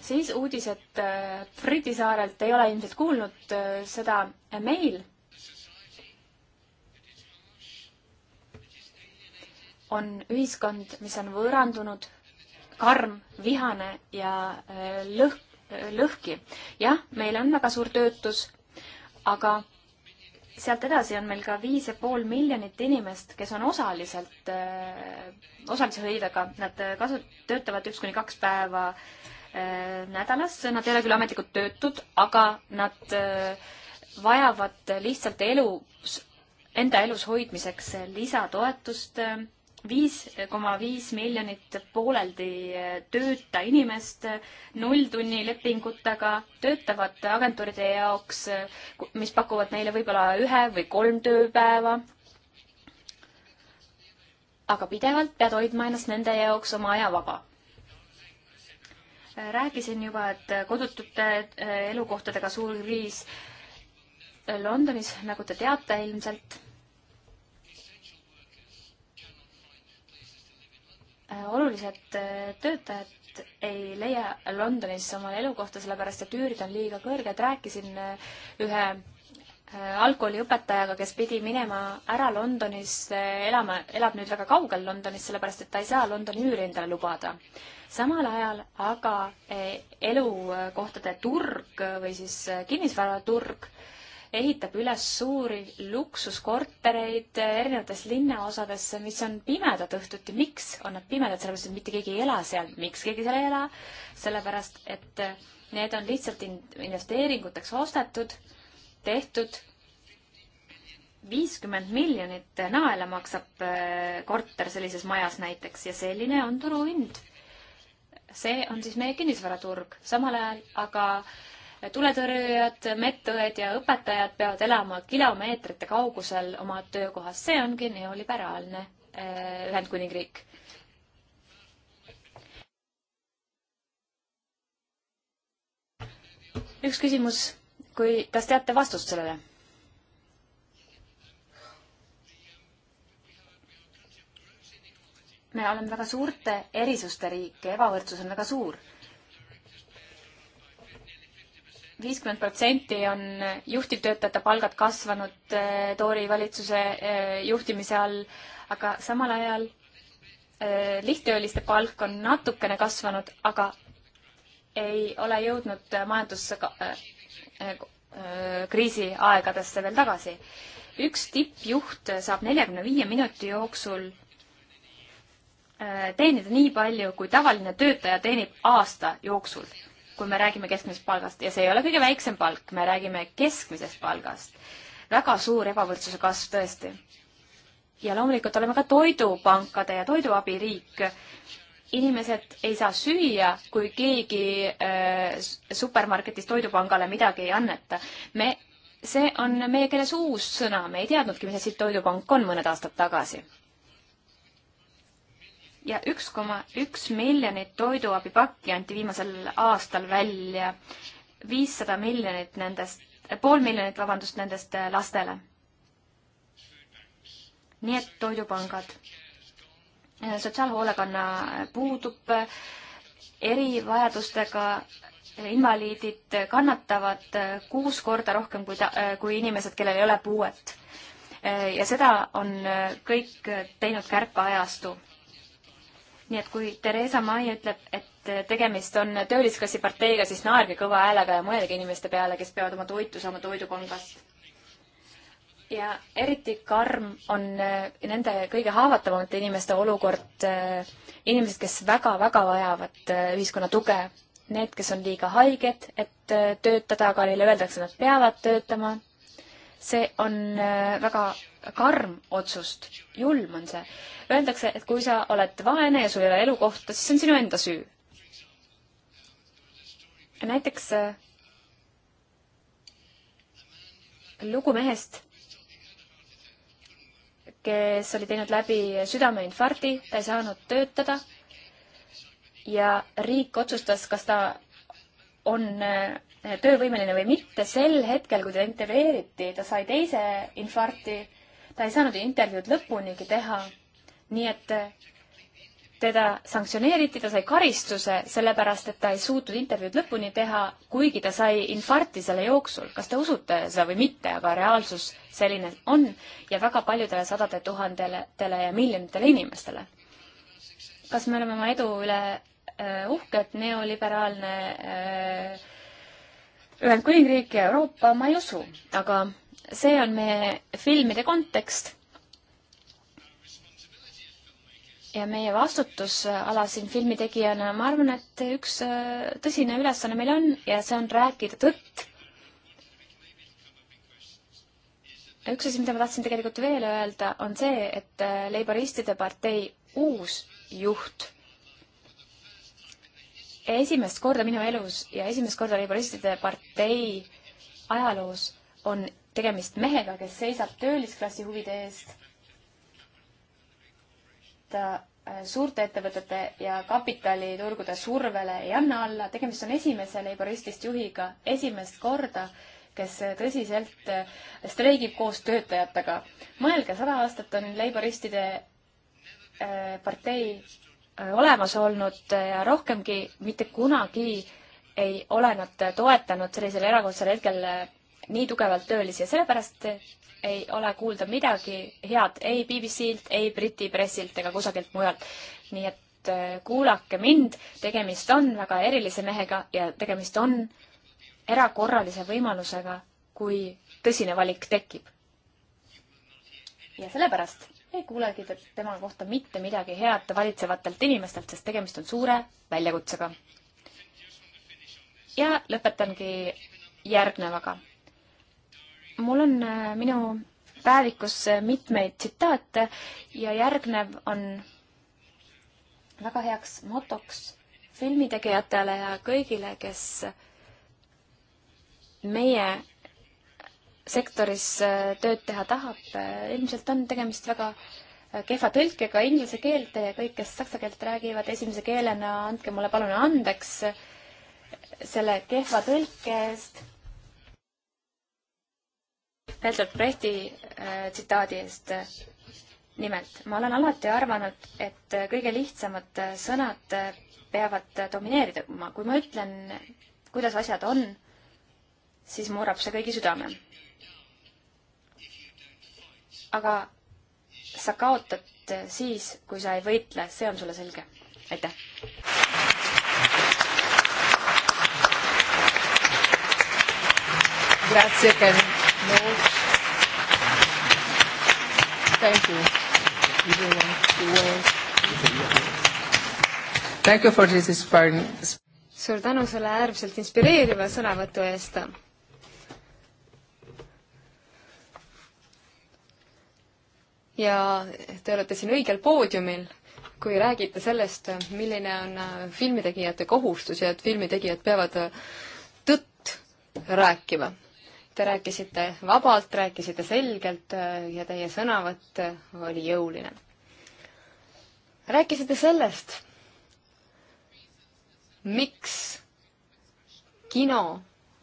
siis uudised äh, Briti saarelt ei ole ilmselt kuulnud äh, seda meil. on ühiskond, mis on võõrandunud, karm, vihane ja äh, lõhk, lõhki. jah, meil on väga suur töötus, aga sealt edasi on meil ka viis ja pool miljonit inimest, kes on osaliselt, osalise hõivega, nad kasu-, töötavad üks kuni kaks päeva Äh, nädalas, nad ei ole küll ametlikult töötud, aga nad äh, vajavad lihtsalt elus, enda elus hoidmiseks lisatoetust. viis koma viis miljonit pooleldi äh, tööta inimest nulltunnilepingutega töötavad agentuuride jaoks, mis pakuvad neile võib-olla ühe või kolm tööpäeva aga pidevalt pead hoidma ennast nende jaoks oma aja vaba rääkisin juba, et kodutute eh, elukohtadega suur kriis Londonis, nagu te teate ilmselt eh, olulised eh, töötajad ei leia Londonis omale elukohta, sellepärast et üürid on liiga kõrged. rääkisin ühe algkooliõpetajaga, kes pidi minema ära Londonis elama, elab nüüd väga kaugel Londonist, sellepärast et ta ei saa Londoni üüri endale lubada samal ajal aga eh, elukohtade turg või siis eh, kinnisvaraturg ehitab üles suuri luksuskortereid eh, erinevates linnaosadesse, mis on pimedad õhtuti. miks on nad pimedad? sellepärast, et mitte keegi ei ela seal. miks keegi seal ei ela? sellepärast, et need on lihtsalt investeeringuteks ostetud, tehtud. viiskümmend miljonit naela maksab korter sellises majas näiteks ja selline on turuhind see on siis meie kinnisvaraturg. samal ajal aga tuletõrjujad, medõed ja õpetajad peavad elama kilomeetrite kaugusel oma töökohast. see ongi neoliberaalne äh, Ühendkuningriik. üks küsimus, kui, kas teate vastust sellele? me oleme väga suurte erisuste riik ja ebavõrdsus on väga suur. viiskümmend protsenti on juhtivtöötajate palgad kasvanud eh, Toori valitsuse eh, juhtimise all, aga samal ajal eh, lihttööliste palk on natukene kasvanud, aga ei ole jõudnud majanduskriisi aegadesse veel tagasi. üks tippjuht saab neljakümne viie minuti jooksul Äh, teenida nii palju, kui tavaline töötaja teenib aasta jooksul, kui me räägime keskmisest palgast ja see ei ole kõige väiksem palk, me räägime keskmisest palgast. väga suur ebavõrdsuse kasv tõesti. ja loomulikult oleme ka toidupankade ja toiduabi riik. inimesed ei saa süüa, kui keegi äh, supermarketis toidupangale midagi ei anneta. me, see on meie keeles uus sõna, me ei teadnudki, mis asi toidupank on mõned aastad tagasi ja üks koma üks miljonit toiduabipakki anti viimasel aastal välja. viissada miljonit nendest, pool miljonit, vabandust, nendest äh, lastele. nii et toidupangad. Äh, sotsiaalhoolekanna äh, puudub, erivajadustega invaliidid kannatavad kuus korda rohkem kui ta, kui inimesed, kellel ei ole puuet. ja seda on kõik teinud kärpeajastu nii et kui Theresa May ütleb, et tegemist on töölisklassi parteiga, siis naerge kõva häälega ja mõelge inimeste peale, kes peavad oma toitu saama toidupangast. ja eriti karm on äh, nende kõige haavatavamate inimeste olukord, äh, inimesed, kes väga-väga vajavad äh, ühiskonna tuge. Need, kes on liiga haiged, et töötada, aga neile öeldakse, nad peavad töötama see on äh, väga karm otsust, julm on see. Öeldakse, et kui sa oled vaene ja sul ei ole elukohta, siis see on sinu enda süü. näiteks äh, lugu mehest, kes oli teinud läbi südameinfarkti, ta ei saanud töötada ja riik otsustas, kas ta on äh, töövõimeline või mitte, sel hetkel, kui teda intervjueeriti, ta sai teise infarkti, ta ei saanud intervjuud lõpunigi teha. nii et eh, teda sanktsioneeriti, ta sai karistuse, sellepärast et ta ei suutnud intervjuud lõpuni teha, kuigi ta sai infarkti selle jooksul. kas te usute seda või mitte, aga reaalsus selline on ja väga paljudele sadade tuhandetele ja miljonitele inimestele. kas me oleme oma edu üle eh, uhked, neoliberaalne äh, Ühendkuningriiki ja Euroopa ma ei usu, aga see on meie filmide kontekst. ja meie vastutusala siin filmitegijana, ma arvan, et üks äh, tõsine ülesanne meil on ja see on rääkida tõtt. üks asi, mida ma tahtsin tegelikult veel öelda, on see, et äh, Leiboristide partei uus juht esimest korda minu elus ja esimest korda Laboristide partei ajaloos on tegemist mehega, kes seisab töölisklassi huvide eest. ta äh, suurte ettevõtete ja kapitaliturgude survele ei anna alla, tegemist on esimese laboristist juhiga esimest korda, kes tõsiselt äh, streigib koos töötajatega. mõelge, sada aastat on laboristide äh, partei Äh, olemas olnud äh, ja rohkemgi, mitte kunagi ei ole nad toetanud sellisel erakordsel hetkel äh, nii tugevalt töölisi ja sellepärast ei ole kuulda midagi head ei BBC-lt, ei Briti pressilt ega kusagilt mujalt. nii et kuulake mind, tegemist on väga erilise mehega ja tegemist on erakorralise võimalusega, kui tõsine valik tekib. ja sellepärast ei kuulegi tema kohta mitte midagi head valitsevatelt inimestelt, sest tegemist on suure väljakutsega. ja lõpetangi järgnevaga. mul on äh, minu päevikus äh, mitmeid tsitaate ja järgnev on väga heaks motoks filmitegijatele ja kõigile, kes meie sektoris äh, tööd teha tahab, äh, ilmselt on tegemist väga äh, kehva tõlkega inglise keelde ja kõik, kes saksa keelt räägivad esimese keelena, andke mulle palun andeks selle kehva tõlke eest. Bertolt Brechti äh, tsitaadi eest. nimelt, ma olen alati arvanud, et kõige lihtsamad sõnad peavad domineerida, kui ma ütlen, kuidas asjad on, siis murrab see kõigi südame aga sa kaotad siis, kui sa ei võitle, see on sulle selge. aitäh! Grazie Ken. No. Thank you. Thank you for this inspiring. suur tänu selle äärmiselt inspireeriva sõnavõtu eest. ja te olete siin õigel poodiumil, kui räägite sellest, milline on äh, filmitegijate kohustus ja et filmitegijad peavad äh, tõtt rääkima. Te rääkisite vabalt, rääkisite selgelt äh, ja teie sõnavõtt oli jõuline. rääkisite sellest, miks kino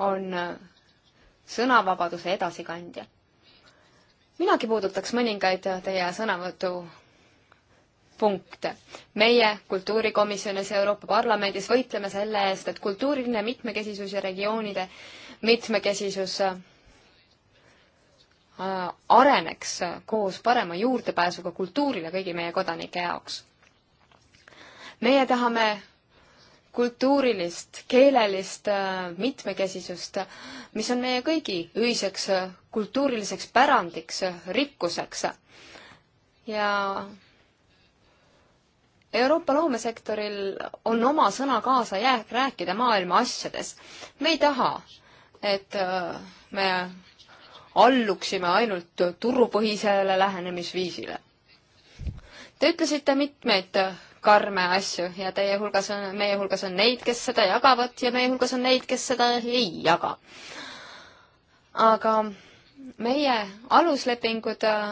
on sõnavabaduse edasikandja minagi puudutaks mõningaid teie sõnavõtu punkte. meie kultuurikomisjonis Euroopa Parlamendis võitleme selle eest, et kultuuriline mitmekesisus ja regioonide mitmekesisus äh, areneks koos parema juurdepääsuga kultuurile kõigi meie kodanike jaoks. meie tahame kultuurilist, keelelist äh, mitmekesisust, mis on meie kõigi ühiseks äh, kultuuriliseks pärandiks, äh, rikkuseks. ja Euroopa loomesektoril on oma sõna kaasa jää-, rääkida maailma asjades. me ei taha, et me alluksime ainult turupõhisele lähenemisviisile. Te ütlesite mitmeid karme asju ja teie hulgas on, meie hulgas on neid, kes seda jagavad ja meie hulgas on neid, kes seda ei jaga. aga meie aluslepingud äh,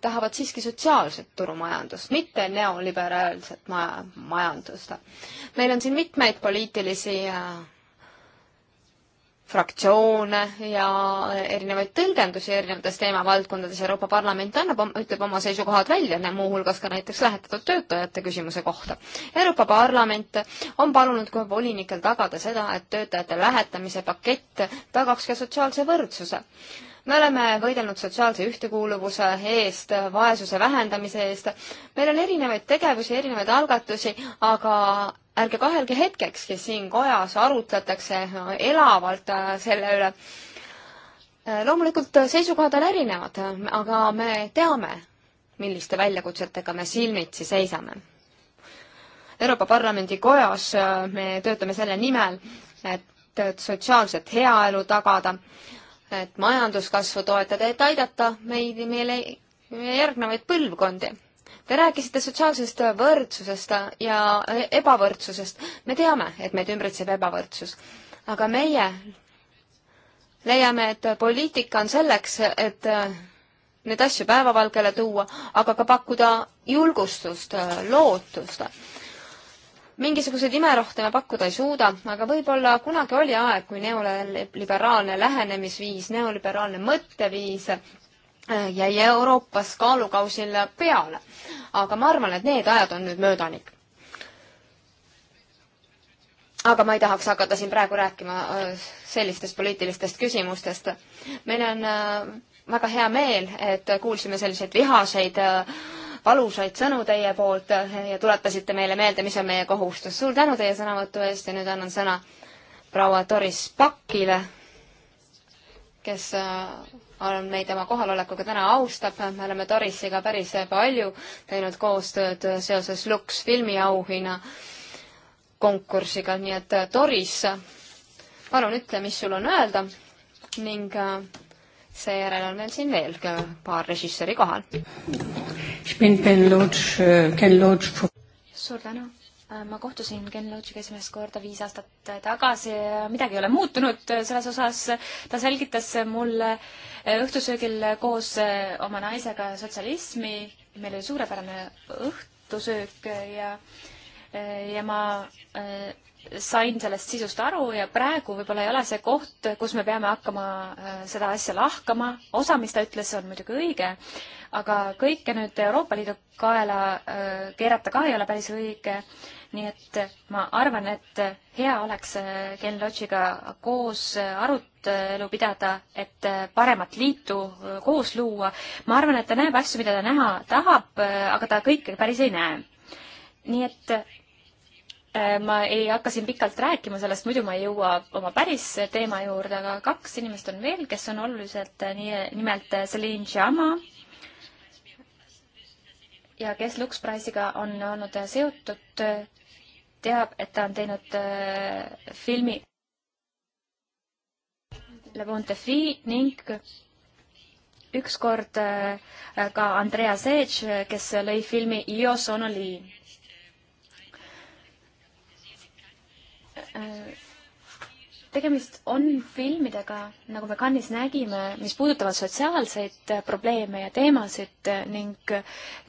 tahavad siiski sotsiaalset turumajandust, mitte neoliberaalset maja, majandust. meil on siin mitmeid poliitilisi äh, fraktsioone ja erinevaid tõlgendusi erinevates teemavaldkondades. Euroopa Parlament annab, ütleb oma seisukohad välja, muuhulgas ka näiteks lähetatud töötajate küsimuse kohta. Euroopa Parlament on palunud ka volinikel tagada seda, et töötajate lähetamise pakett tagaks ka sotsiaalse võrdsuse me oleme võidelnud sotsiaalse ühtekuuluvuse eest, vaesuse vähendamise eest, meil on erinevaid tegevusi, erinevaid algatusi, aga ärge kahelge hetkekski, siin kojas arutletakse äh, elavalt äh, selle üle. Äh, loomulikult seisukohad on erinevad, aga me teame, milliste väljakutsetega me silmitsi seisame. Euroopa Parlamendi kojas me töötame selle nimel, et sotsiaalset heaelu tagada, et majanduskasvu toetada, et aidata meid, meile järgnevaid põlvkondi Te rääkisite sotsiaalsest võrdsusest ja ebavõrdsusest. me teame, et meid ümbritseb ebavõrdsus, aga meie leiame, et poliitika on selleks, et neid asju päevavalgele tuua, aga ka pakkuda julgustust, lootust mingisuguseid imerohte me pakkuda ei suuda, aga võib-olla kunagi oli aeg, kui neoliberaalne lähenemisviis, neoliberaalne mõtteviis Äh, jäi Euroopas kaalukausil peale. aga ma arvan, et need ajad on nüüd möödanik. aga ma ei tahaks hakata siin praegu rääkima äh, sellistest poliitilistest küsimustest. meil on äh, väga hea meel, et kuulsime selliseid vihaseid valusaid sõnu teie poolt ja tuletasite meile meelde, mis on meie kohustus. suur tänu teie sõnavõtu eest ja nüüd annan sõna proua Doris Pakile, kes on meid oma kohalolekuga täna austab, me oleme Torisiga päris palju teinud koostööd seoses Lux filmiauhinna konkursiga, nii et äh, Toris, palun ütle, mis sul on öelda ning äh, seejärel on meil siin veel paar režissööri kohal. Äh, suur tänu Äh, ma kohtusin Ken Loachiga esimest korda viis aastat tagasi ja midagi ei ole muutunud äh, selles osas. ta selgitas mulle äh, õhtusöögil koos oma naisega sotsialismi. meil oli suurepärane õhtusöök ja, ja ma sain sellest sisust aru ja praegu võib-olla ei ole see koht, kus me peame hakkama seda asja lahkama. osa, mis ta ütles, on muidugi õige, aga kõike nüüd Euroopa Liidu kaela keerata ka ei ole päris õige nii et äh, ma arvan, et äh, hea oleks äh, Ken Lodžiga koos arutelu pidada, et paremat liitu koos luua. ma arvan, et ta näeb asju, mida ta näha tahab, aga ta kõike päris ei näe. nii et ma ei hakka siin pikalt rääkima sellest, muidu ma ei jõua oma päris teema juurde, aga kaks inimest on veel, kes on oluliselt nii, nimelt Celine Chama ja kes Lux Price'iga on olnud seotud teab, et ta on teinud äh, filmi Le Bon Defi ning ükskord äh, ka Andrea Seeg, äh, kes lõi filmi Io sono lì äh, tegemist on filmidega, nagu me Cannes'is nägime, mis puudutavad sotsiaalseid probleeme ja teemasid ning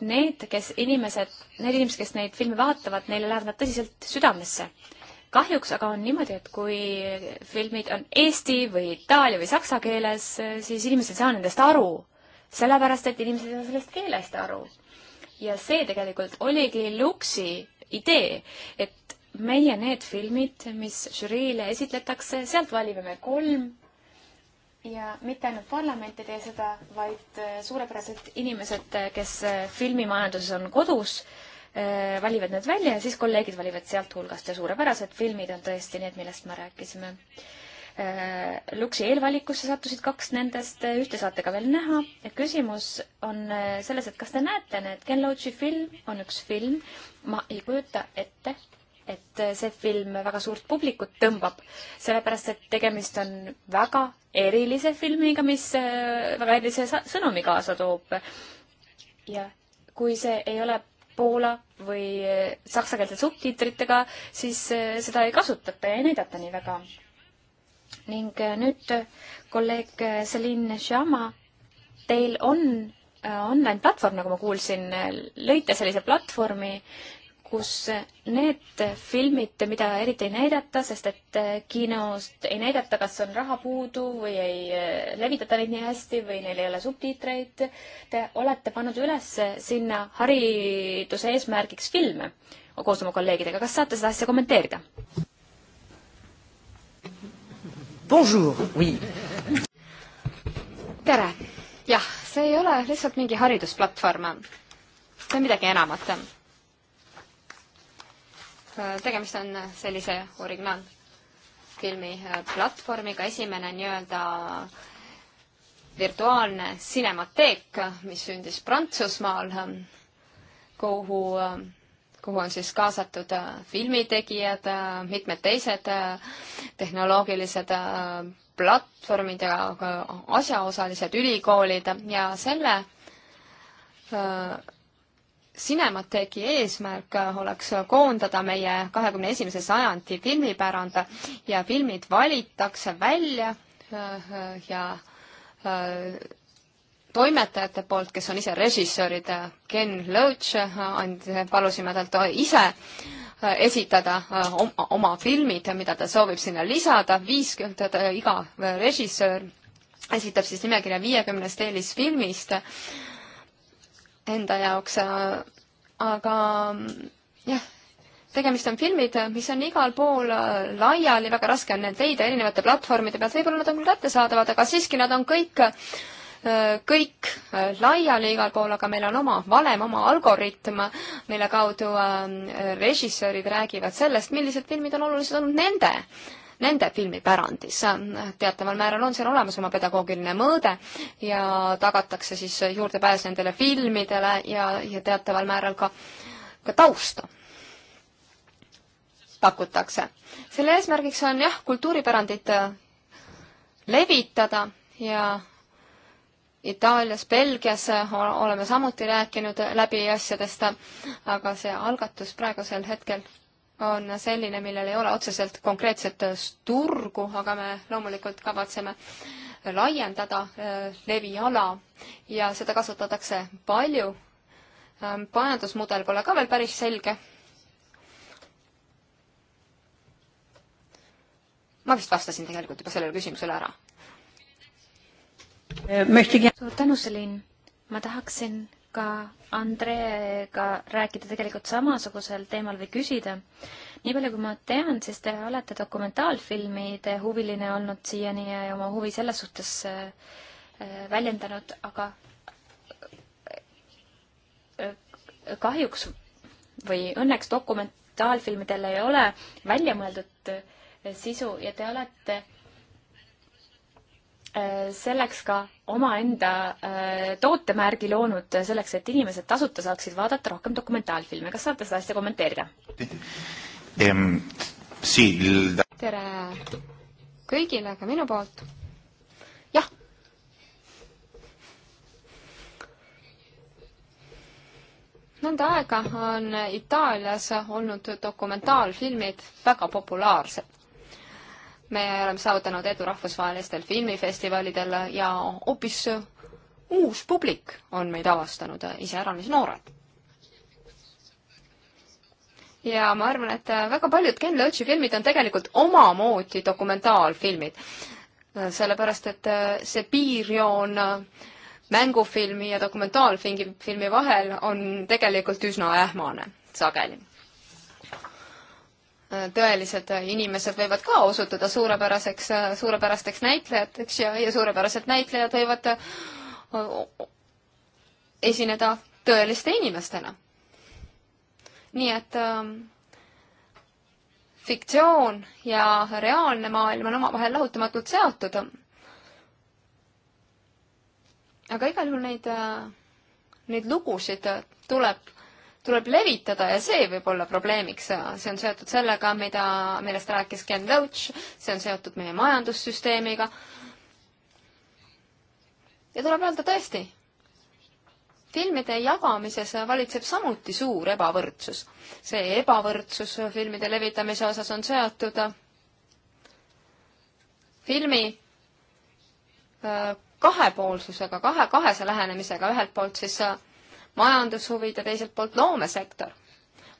need, kes inimesed, need inimesed, kes neid filme vaatavad, neile lähevad nad tõsiselt südamesse. kahjuks aga on niimoodi, et kui filmid on eesti või itaalia või saksa keeles, siis inimesed ei saa nendest aru, sellepärast et inimesed ei saa sellest keelest aru. ja see tegelikult oligi Luksi idee, et meie need filmid, mis žüriile esitletakse, sealt valime me kolm ja mitte ainult parlament ei tee seda, vaid äh, suurepärased inimesed, äh, kes äh, filmimajanduses on kodus, valivad need välja ja siis kolleegid valivad sealt hulgast ja suurepärased filmid on tõesti need, millest me rääkisime. Luksi eelvalikusse sattusid kaks nendest, ühte saate ka veel näha. küsimus on selles, et kas te näete need, Ken Loachi film on üks film, ma ei kujuta ette, et see film väga suurt publikut tõmbab, sellepärast et tegemist on väga erilise filmiga, mis äh, väga erilise sõnumi kaasa toob. ja kui see ei ole poola või äh, saksakeelse subtiitritega, siis äh, seda ei kasutata ja ei näidata nii väga. ning nüüd kolleeg Celine Chama, teil on online platvorm, nagu ma kuulsin, lõite sellise platvormi, kus need filmid, mida eriti ei näidata, sest et kinost ei näidata, kas on raha puudu või ei eh, levitata neid nii hästi või neil ei ole subtiitreid, te olete pannud üles sinna hariduse eesmärgiks filme koos oma kolleegidega. kas saate seda asja kommenteerida? Bonjour, oui. tere. jah, see ei ole lihtsalt mingi haridusplatvorm. see on midagi enamat Äh, tegemist on sellise originaalfilmi äh, platvormiga, esimene nii-öelda virtuaalne Cinemateek, mis sündis Prantsusmaal, äh, kuhu, kuhu on siis kaasatud filmitegijad, mitmed teised tehnoloogilised platvormid ja asjaosalised ülikoolid ja selle Cinemateeki eesmärk oleks koondada meie kahekümne esimese sajandi filmipärand ja filmid valitakse välja äh, äh, ja äh, toimetajate poolt, kes on ise režissöörid, Ken Loach, palusime talt ise esitada oma filmid, mida ta soovib sinna lisada, viiskümmend, iga režissöör esitab siis nimekirja viiekümnest eelisfilmist enda jaoks, äh, aga mm, jah, tegemist on filmid, mis on igal pool äh, laiali, väga raske on need leida erinevate platvormide pealt, võib-olla nad on küll kättesaadavad, aga siiski nad on kõik, äh, kõik laiali igal pool, aga meil on oma valem, oma algoritm, mille kaudu režissöörid räägivad sellest, millised filmid on olulised olnud nende nende filmipärandis. teataval määral on seal olemas oma pedagoogiline mõõde ja tagatakse siis juurdepääs nendele filmidele ja, ja teataval määral ka, ka tausta pakutakse. selle eesmärgiks on jah, kultuuripärandit äh, levitada ja Itaalias, Belgias äh, oleme samuti rääkinud läbi asjadest, aga see algatus praegusel hetkel on selline, millel ei ole otseselt konkreetset turgu, aga me loomulikult kavatseme laiendada äh, leviala ja seda kasutatakse palju. Ähm, majandusmudel pole ka veel päris selge. ma vist vastasin tegelikult juba sellele küsimusele ära. Äh, suur tänu, Selin. ma tahaksin ka Andreega rääkida tegelikult samasugusel teemal või küsida. nii palju, kui ma tean, siis te olete dokumentaalfilmide huviline olnud siiani ja oma huvi selles suhtes äh, väljendanud, aga äh, kahjuks või õnneks dokumentaalfilmidel ei ole välja mõeldud äh, sisu ja te olete Äh, selleks ka omaenda äh, tootemärgi loonud, äh, selleks et inimesed tasuta saaksid vaadata rohkem dokumentaalfilme. kas saate seda asja kommenteerida? tere kõigile ka minu poolt. jah. nõnda aega on Itaalias olnud dokumentaalfilmid väga populaarsed me oleme saavutanud edu rahvusvahelistel filmifestivalidel ja hoopis uus publik on meid avastanud, iseäranis noored. ja ma arvan, et väga paljud Ken Loachi filmid on tegelikult omamoodi dokumentaalfilmid. sellepärast, et see piirjoon mängufilmi ja dokumentaalfilmi vahel on tegelikult üsna ähmane sageli tõelised inimesed võivad ka osutuda suurepäraseks, suurepärasteks näitlejateks ja, ja suurepärased näitlejad võivad esineda tõeliste inimestena. nii et äh, fiktsioon ja reaalne maailm on omavahel lahutamatult seotud. aga igal juhul neid, äh, neid lugusid tuleb tuleb levitada ja see võib olla probleemiks. see on seotud sellega, mida, millest rääkis Ken Loach, see on seotud meie majandussüsteemiga. ja tuleb öelda tõesti, filmide jagamises valitseb samuti suur ebavõrdsus. see ebavõrdsus filmide levitamise osas on seotud filmi äh, kahepoolsusega, kahe, kahese lähenemisega, ühelt poolt siis äh, majandushuvid ja teiselt poolt loomesektor.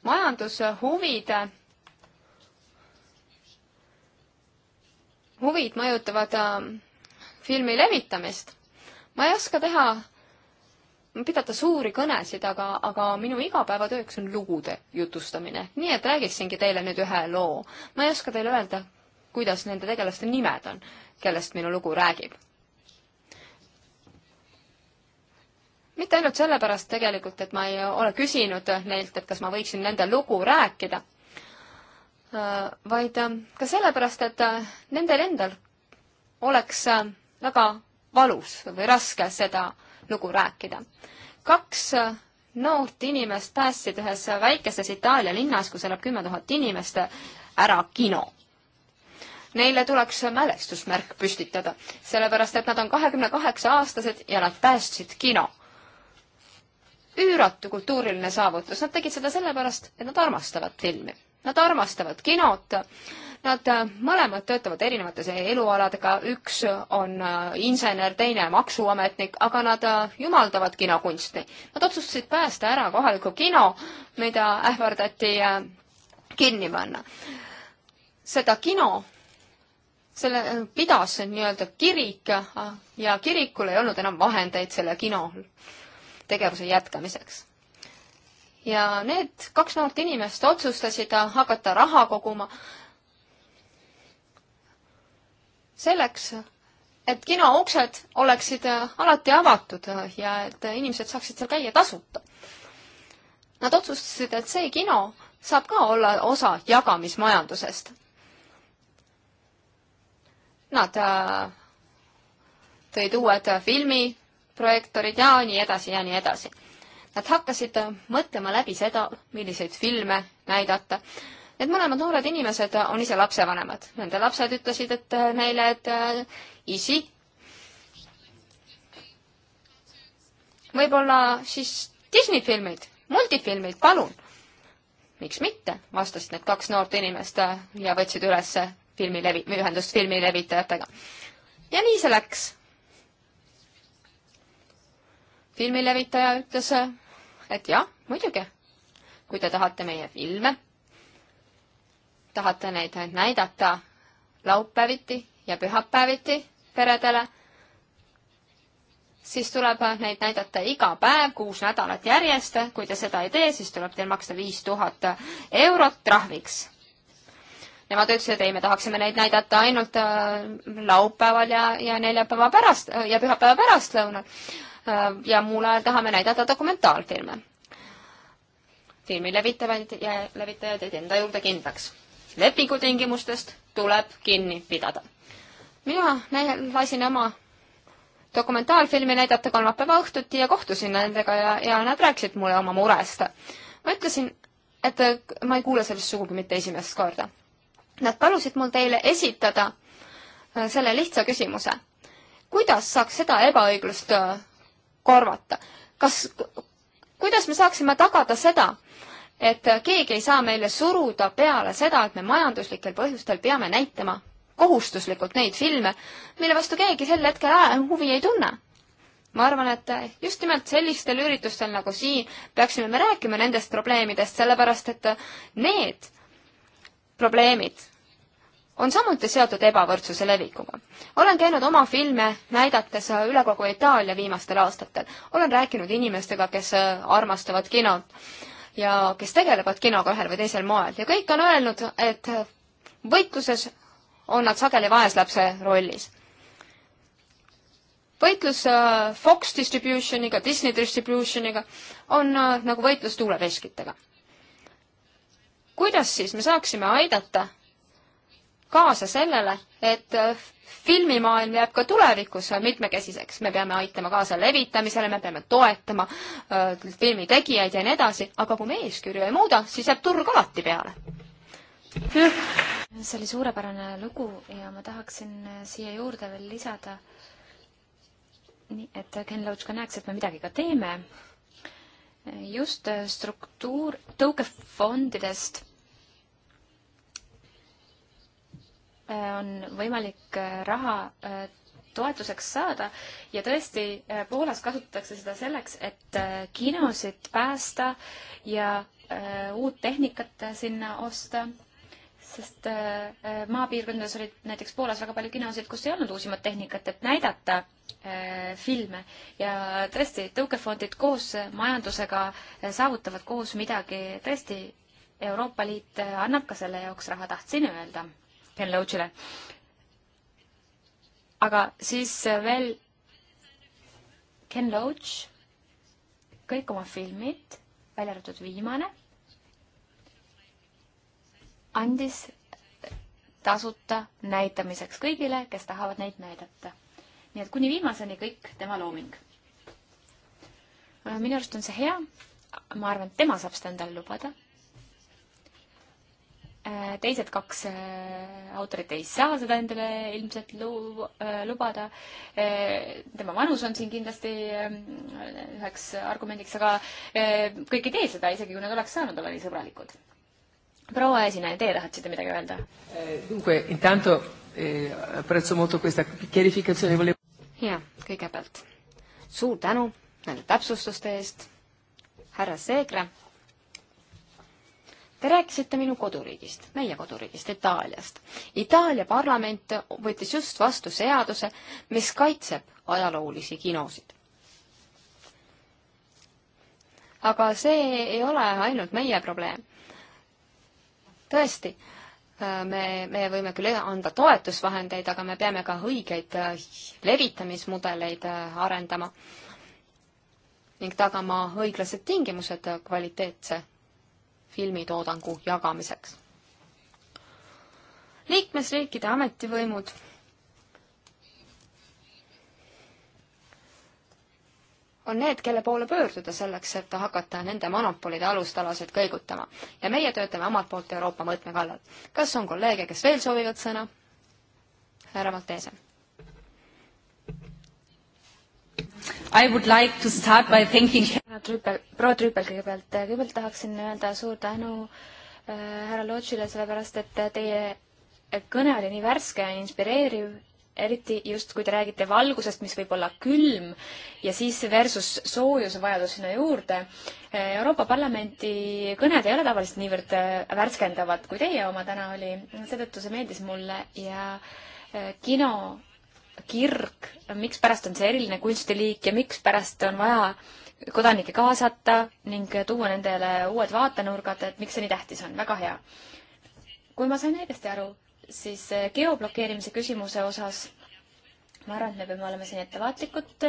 majandushuvid, huvid mõjutavad ähm, filmi levitamist. ma ei oska teha, pidada suuri kõnesid, aga, aga minu igapäevatööks on lugude jutustamine. nii et räägiksingi teile nüüd ühe loo. ma ei oska teile öelda, kuidas nende tegelaste nimed on, kellest minu lugu räägib mitte ainult sellepärast tegelikult, et ma ei ole küsinud neilt, et kas ma võiksin nende lugu rääkida, vaid äh, ka sellepärast, et äh, nendel endal oleks äh, väga valus või raske seda lugu rääkida. kaks noort inimest päästsid ühes väikeses Itaalia linnas, kus elab kümme tuhat inimest, ära kino. Neile tuleks mälestusmärk püstitada, sellepärast et nad on kahekümne kaheksa aastased ja nad päästsid kino üüratu kultuuriline saavutus, nad tegid seda sellepärast, et nad armastavad filmi. Nad armastavad kinot, nad äh, mõlemad töötavad erinevates elualadega, üks on äh, insener, teine maksuametnik, aga nad äh, jumaldavad kinokunsti. Nad otsustasid päästa ära kohaliku kino, mida ähvardati kinni panna. seda kino selle pidas nii-öelda kirik ja kirikul ei olnud enam vahendeid selle kino tegevuse jätkamiseks. ja need kaks noort inimest otsustasid hakata raha koguma selleks, et kino uksed oleksid alati avatud ja et inimesed saaksid seal käia tasuta. Nad otsustasid, et see kino saab ka olla osa jagamismajandusest. Nad äh, tõid uued filmi, projektoorid ja nii edasi ja nii edasi. Nad hakkasid mõtlema läbi seda, milliseid filme näidata. Need mõlemad noored inimesed on ise lapsevanemad. Nende lapsed ütlesid, et äh, neile, et äh, isi, võib-olla siis Disney filmid, multifilmid, palun. miks mitte, vastasid need kaks noort inimest äh, ja võtsid üles filmi levi-, ühendust filmilevitajatega. ja nii see läks filmilevitaja ütles, et jah, muidugi, kui te tahate meie filme, tahate neid näidata laupäeviti ja pühapäeviti peredele, siis tuleb neid näidata iga päev kuus nädalat järjest, kui te seda ei tee, siis tuleb teil maksta viis tuhat eurot trahviks. Nemad ütlesid, et ei, me tahaksime neid näidata ainult äh, laupäeval ja, ja neljapäeva pärast äh, ja pühapäeva pärastlõunal Äh, ja muul ajal tahame näidata dokumentaalfilme. filmi levitavad ja levitajad jäid enda juurde kindlaks. lepingutingimustest tuleb kinni pidada. mina lasin oma dokumentaalfilmi näidata kolmapäeva õhtuti ja kohtusin nendega ja, ja nad rääkisid mulle oma murest. ma ütlesin, et äh, ma ei kuule sellest sugugi mitte esimest korda. Nad palusid mul teile esitada äh, selle lihtsa küsimuse. kuidas saaks seda ebaõiglust korvata. kas, kuidas me saaksime tagada seda, et keegi ei saa meile suruda peale seda, et me majanduslikel põhjustel peame näitama kohustuslikult neid filme, mille vastu keegi sel hetkel huvi ei tunne. ma arvan, et just nimelt sellistel üritustel nagu siin peaksime me rääkima nendest probleemidest, sellepärast et need probleemid on samuti seotud ebavõrdsuse levikuga. olen käinud oma filme näidates üle kogu Itaalia viimastel aastatel. olen rääkinud inimestega, kes äh, armastavad kinot ja kes tegelevad kinoga ühel või teisel moel ja kõik on öelnud, et äh, võitluses on nad sageli vaeslapse rollis. võitlus äh, Fox Distributioniga, Disney Distributioniga on nagu võitlus tuuleveskitega. kuidas siis me saaksime aidata kaasa sellele, et äh, filmimaailm jääb ka tulevikus mitmekesiseks, me peame aitama kaasa levitamisele, me peame toetama äh, filmi tegijaid ja nii edasi, aga kui me eeskirju ei muuda, siis jääb turg alati peale. see oli suurepärane lugu ja ma tahaksin äh, siia juurde veel lisada, nii et äh, Ken Loach ka näeks, et me midagi ka teeme. just struktuur, tõukefondidest Äh, on võimalik äh, raha äh, toetuseks saada ja tõesti, Poolas kasutatakse seda selleks, et kinosid päästa ja uut tehnikat sinna osta, sest maapiirkondades olid näiteks Poolas väga palju kinosid, kus ei olnud uusimat tehnikat, et näidata filme ja tõesti, tõukefondid koos majandusega saavutavad koos midagi, tõesti, Euroopa Liit annab ka selle jaoks raha, tahtsin öelda Ken Loachile. aga siis äh, veel Ken Loach, kõik oma filmid, välja arvatud viimane, andis äh, tasuta näitamiseks kõigile, kes tahavad neid näidata. nii et kuni viimaseni kõik tema looming. Äh, minu arust on see hea, ma arvan, et tema saab seda endale lubada Äh, teised kaks äh, autorit ei saa seda endale ilmselt lu-, äh, lubada. tema vanus on siin kindlasti ähm, üheks argumendiks, aga kõik ei tee seda, isegi kui nad oleks saanud olla nii sõbralikud. proua esineja, teie tahtsite midagi öelda? Eh, eh, jaa, kõigepealt suur tänu nende täpsustuste eest, härra Seegre Te rääkisite minu koduriigist, meie koduriigist, Itaaliast. Itaalia parlament võttis just vastu seaduse, mis kaitseb ajaloolisi kinosid. aga see ei ole ainult meie probleem. tõesti, me, me võime küll anda toetusvahendeid, aga me peame ka õigeid äh, levitamismudeleid äh, arendama ning tagama õiglased tingimused äh, kvaliteetse filmitoodangu jagamiseks. liikmesriikide ametivõimud on need, kelle poole pöörduda selleks, et hakata nende monopolide alustalasid kõigutama. ja meie töötame omalt poolt Euroopa mõõtme kallal. kas on kolleege, kes veel soovivad sõna? härra Maltese I would like to start by thanking Trüppel, proua Trüppel kõigepealt, kõigepealt tahaksin öelda suur tänu äh, härra Lodžile, sellepärast et teie kõne oli nii värske ja inspireeriv, eriti just, kui te räägite valgusest, mis võib olla külm ja siis versus soojuse vajadus sinna juurde. Äh, Euroopa Parlamenti kõned ei ole tavaliselt niivõrd äh, värskendavad, kui teie oma täna oli, seetõttu see meeldis mulle ja äh, kino kirg, mikspärast on see eriline kunstiliik ja mikspärast on vaja kodanikke kaasata ning tuua nendele uued vaatenurgad, et miks see nii tähtis on, väga hea. kui ma sain õigesti aru, siis geoblokeerimise küsimuse osas ma arvan, et me peame olema siin ettevaatlikud.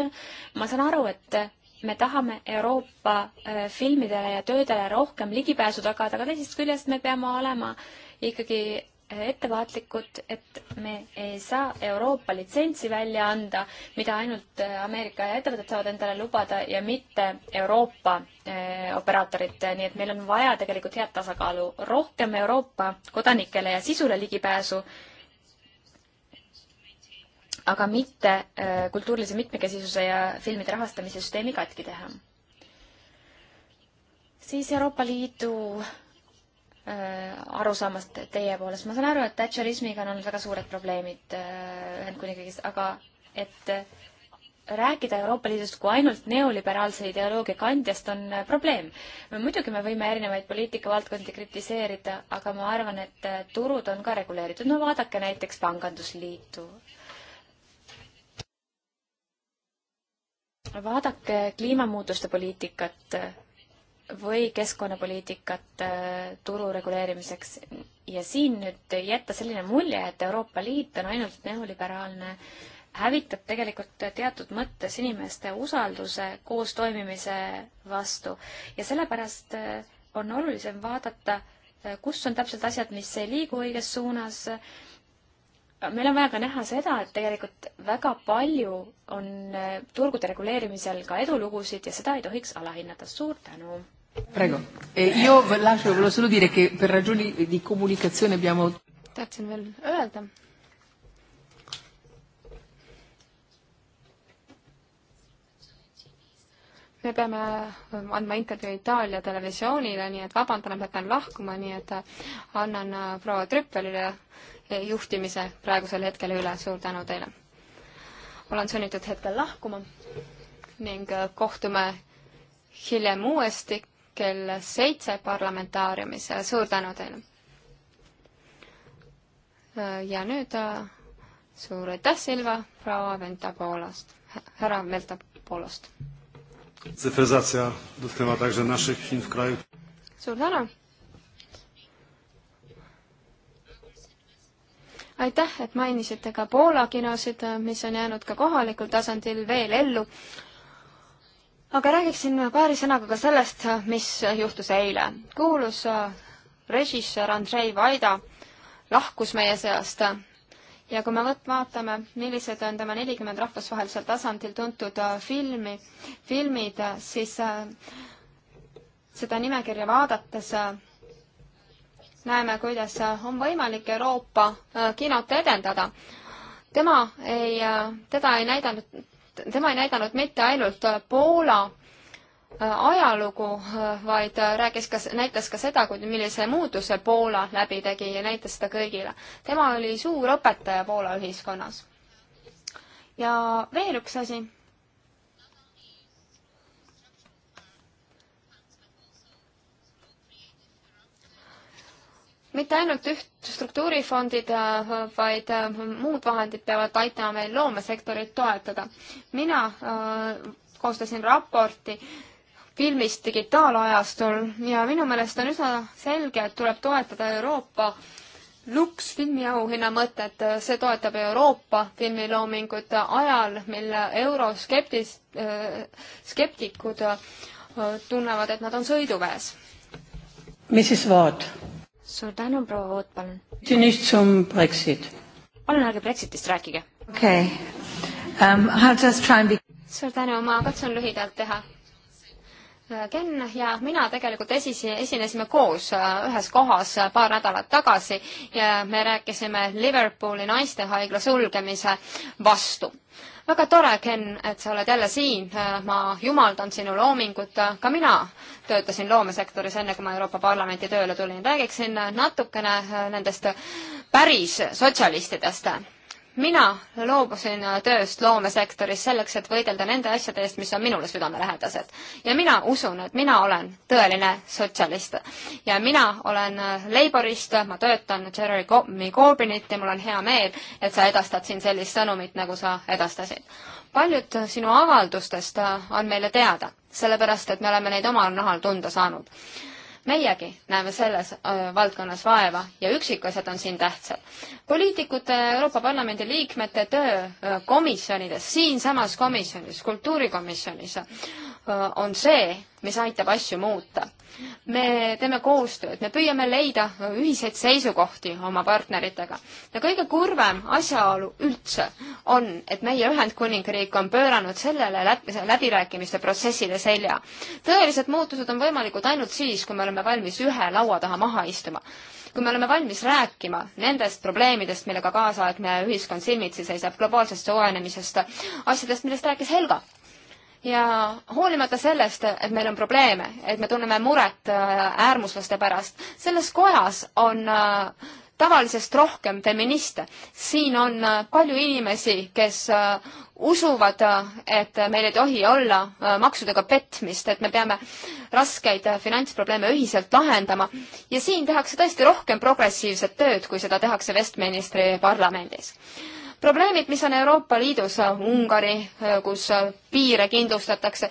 ma saan aru, et me tahame Euroopa äh, filmidele ja töödele rohkem ligipääsu tagada, aga teisest küljest me peame olema ikkagi ettevaatlikud, et me ei saa Euroopa litsentsi välja anda, mida ainult äh, Ameerika ettevõtted saavad endale lubada ja mitte Euroopa äh, operaatorid, nii et meil on vaja tegelikult head tasakaalu, rohkem Euroopa kodanikele ja sisule ligipääsu, aga mitte äh, kultuurilise mitmekesisuse ja filmide rahastamise süsteemi katki teha. siis Euroopa Liidu Äh, arusaamast teie poolest. ma saan aru, et thatcherismiga on olnud väga suured probleemid äh, Ühendkuningriigis, aga et äh, rääkida Euroopa Liidust kui ainult neoliberaalse ideoloogia kandjast on probleem. muidugi me võime erinevaid poliitikavaldkondi kritiseerida, aga ma arvan, et turud on ka reguleeritud. no vaadake näiteks Pangandusliitu. vaadake kliimamuutuste poliitikat või keskkonnapoliitikat äh, turu reguleerimiseks. ja siin nüüd jätta selline mulje, et Euroopa Liit on ainult neoliberaalne, hävitab tegelikult teatud mõttes inimeste usalduse koos toimimise vastu ja sellepärast äh, on olulisem vaadata, äh, kus on täpselt asjad, mis ei liigu õiges suunas meil on vaja ka näha seda, et tegelikult väga palju on äh, turgude reguleerimisel ka edulugusid ja seda ei tohiks alahinnata. suur tänu! Prego eh,. Io lascio, volevo solo dire che per ragioni di comunicazione abbiamo... tahtsin veel öelda. me peame ähm, andma intervjuu Itaalia televisioonile, nii et vabandan, ma pean lahkuma, nii et äh, annan äh, proua Trüppelile juhtimise praegusel hetkel üle, suur tänu teile! olen sunnitud hetkel lahkuma ning äh, kohtume hiljem uuesti kell seitse parlamentaariumis, suur tänu teile! Äh, ja nüüd äh, suur aitäh, Silva, proua Ventapolost, härra Ventapolost! cyfryzacja dotknęła także naszych Chin w kraju. Suur tänu! aitäh, et mainisite ka Poola kinosid, mis on jäänud ka kohalikul tasandil veel ellu. aga räägiksin paari sõnaga ka sellest, mis juhtus eile. kuulus äh, režissöör Andrei Vaida lahkus meie seast ja kui me võt-, vaatame, millised on tema nelikümmend rahvusvahelisel tasandil tuntud äh, filmi, filmid, siis äh, seda nimekirja vaadates äh, näeme, kuidas äh, on võimalik Euroopa äh, kinot edendada. tema ei, äh, teda ei näidanud, tema ei näidanud mitte ainult Poola ajalugu, vaid rääkis ka, näitas ka seda, millise muutuse Poola läbi tegi ja näitas seda kõigile. tema oli suur õpetaja Poola ühiskonnas. ja veel üks asi mitte ainult üht struktuurifondid, vaid äh, muud vahendid peavad aitama meil loomesektorit toetada. mina äh, koostasin raporti filmist digitaalajastul ja minu meelest on üsna selge, et tuleb toetada Euroopa Lux filmiauhinna mõtet, see toetab Euroopa filmiloomingut ajal, mil euroskeptis- äh,, skeptikud äh, tunnevad, et nad on sõiduväes. Mrs Ward suur tänu, proua Voot, palun. palun ärge Brexitist rääkige. okei okay. um,, I'll just try and be suur tänu, ma katsun lühidalt teha. Äh, Ken ja mina tegelikult esisi, esinesime koos äh, ühes kohas äh, paar nädalat tagasi ja me rääkisime Liverpooli naistehaigla sulgemise vastu väga tore, Ken, et sa oled jälle siin, ma jumaldan sinu loomingut, ka mina töötasin loomesektoris, enne kui ma Euroopa Parlamenti tööle tulin, räägiksin natukene nendest päris sotsialistidest mina loobusin äh, tööst loomesektoris selleks, et võidelda nende asjade eest, mis on minule südamelähedased. ja mina usun, et mina olen tõeline sotsialist. ja mina olen äh, laborist, ma töötan Jeremy Corbynit ja mul on hea meel, et sa edastad siin sellist sõnumit, nagu sa edastasid. paljud äh, sinu avaldustest on meile teada, sellepärast et me oleme neid omal nahal tunda saanud meiegi näeme selles äh, valdkonnas vaeva ja üksikasjad on siin tähtsad. poliitikute, äh, Euroopa Parlamendi liikmete töö äh, komisjonides, siinsamas komisjonis, kultuurikomisjonis, on see, mis aitab asju muuta me teeme koostööd, me püüame leida ühiseid seisukohti oma partneritega. ja kõige kurvem asjaolu üldse on, et meie Ühendkuningriik on pööranud sellele läbi, läbirääkimiste protsessile selja. tõelised muutused on võimalikud ainult siis, kui me oleme valmis ühe laua taha maha istuma kui me oleme valmis rääkima nendest probleemidest, millega kaasaegne ühiskond silmitsi seisab, globaalsest soojenemisest, asjadest, millest rääkis Helga ja hoolimata sellest, et meil on probleeme, et me tunneme muret äh, äärmuslaste pärast, selles kojas on äh, tavalisest rohkem feministe. siin on äh, palju inimesi, kes usuvad, et meil ei tohi olla maksudega petmist, et me peame raskeid finantsprobleeme ühiselt lahendama ja siin tehakse tõesti rohkem progressiivset tööd, kui seda tehakse Westministri parlamendis probleemid, mis on Euroopa Liidus, Ungari, kus piire kindlustatakse,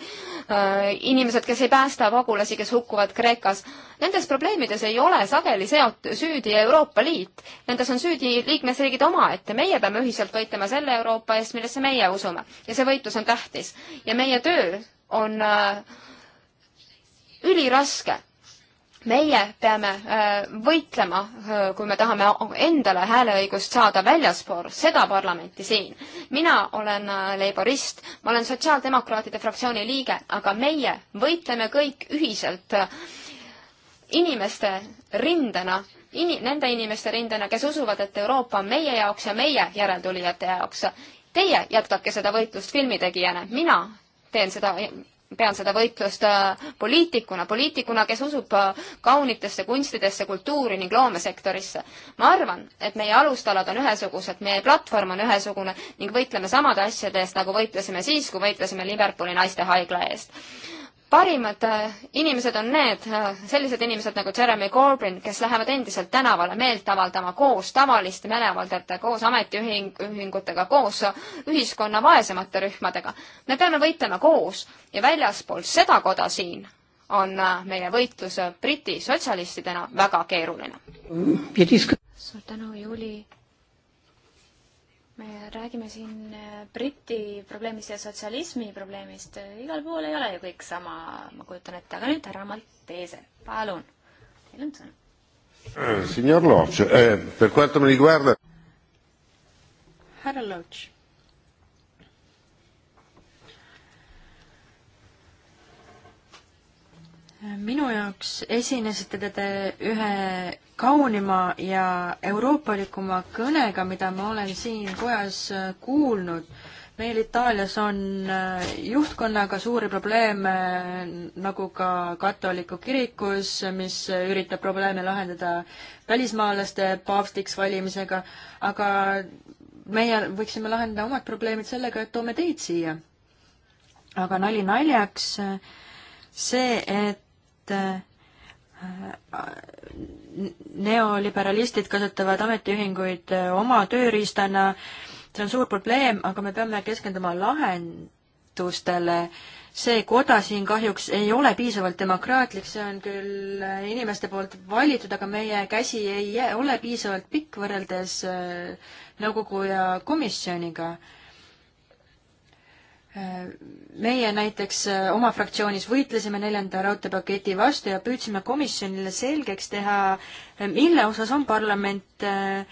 inimesed, kes ei päästa pagulasi, kes hukkuvad Kreekas, nendes probleemides ei ole sageli seot-, süüdi Euroopa Liit. Nendes on süüdi liikmesriigid omaette, meie peame ühiselt võitlema selle Euroopa eest, millesse meie usume. ja see võitlus on tähtis. ja meie töö on äh, üliraske meie peame äh, võitlema, äh, kui me tahame endale hääleõigust saada väljaspool seda parlamenti siin. mina olen äh, leiborist, ma olen Sotsiaaldemokraatide fraktsiooni liige, aga meie võitleme kõik ühiselt inimeste rindena, ini-, nende inimeste rindena, kes usuvad, et Euroopa on meie jaoks ja meie järeltulijate jaoks. Teie jätkake seda võitlust filmitegijana, mina teen seda pean seda võitlust äh, poliitikuna, poliitikuna, kes usub äh, kaunitesse kunstidesse, kultuuri ning loomesektorisse. ma arvan, et meie alustalad on ühesugused, meie platvorm on ühesugune ning võitleme samade asjade eest, nagu võitlesime siis, kui võitlesime Liverpooli naistehaigla eest parimad äh, inimesed on need, äh, sellised inimesed nagu Jeremy Corbyn, kes lähevad endiselt tänavale meelt avaldama koos tavaliste meeleavaldajate, koos ametiühingutega, koos ühiskonna vaesemate rühmadega. me peame võitlema koos ja väljaspool seda koda siin on äh, meie võitlus Briti sotsialistidena väga keeruline. suur tänu, Juuli me räägime siin äh, Briti probleemist ja sotsialismi probleemist. igal pool ei ole ju kõik sama, ma kujutan ette, aga nüüd härra Maltese, palun, teil on sõna. Eh, signor Lodž eh,, per quanto mi riguarda. härra Lodž. minu jaoks esinesite te ühe kaunima ja euroopalikuma kõnega, mida ma olen siin kojas äh, kuulnud. meil Itaalias on äh, juhtkonnaga suuri probleeme, äh, nagu ka katoliku kirikus, mis üritab probleeme lahendada välismaalaste paavstiks valimisega, aga meie võiksime lahendada omad probleemid sellega, et toome teid siia. aga nali naljaks, see, et neoliberalistid kasutavad ametiühinguid äh, oma tööriistana, see on suur probleem, aga me peame keskenduma lahendustele. see koda siin kahjuks ei ole piisavalt demokraatlik, see on küll äh, inimeste poolt valitud, aga meie käsi ei ole piisavalt pikk võrreldes äh, nõukogu ja komisjoniga meie näiteks äh, oma fraktsioonis võitlesime neljanda raudteepaketi vastu ja püüdsime komisjonile selgeks teha, äh, mille osas on parlament äh,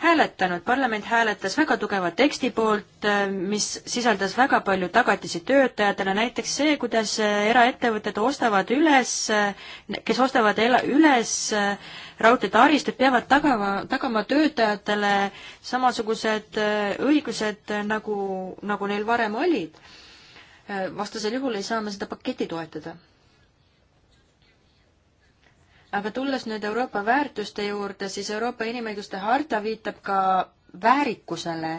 hääletanud, parlament hääletas väga tugeva teksti poolt, äh, mis sisaldas väga palju tagatisi töötajatele, näiteks see, kuidas äh, eraettevõtted ostavad üles, äh, kes ostavad üles raudteetaristut, peavad tagama, tagama töötajatele samasugused õigused, nagu, nagu neil varem olid. vastasel juhul ei saa me seda paketti toetada aga tulles nüüd Euroopa väärtuste juurde, siis Euroopa inimõiguste harta viitab ka väärikusele.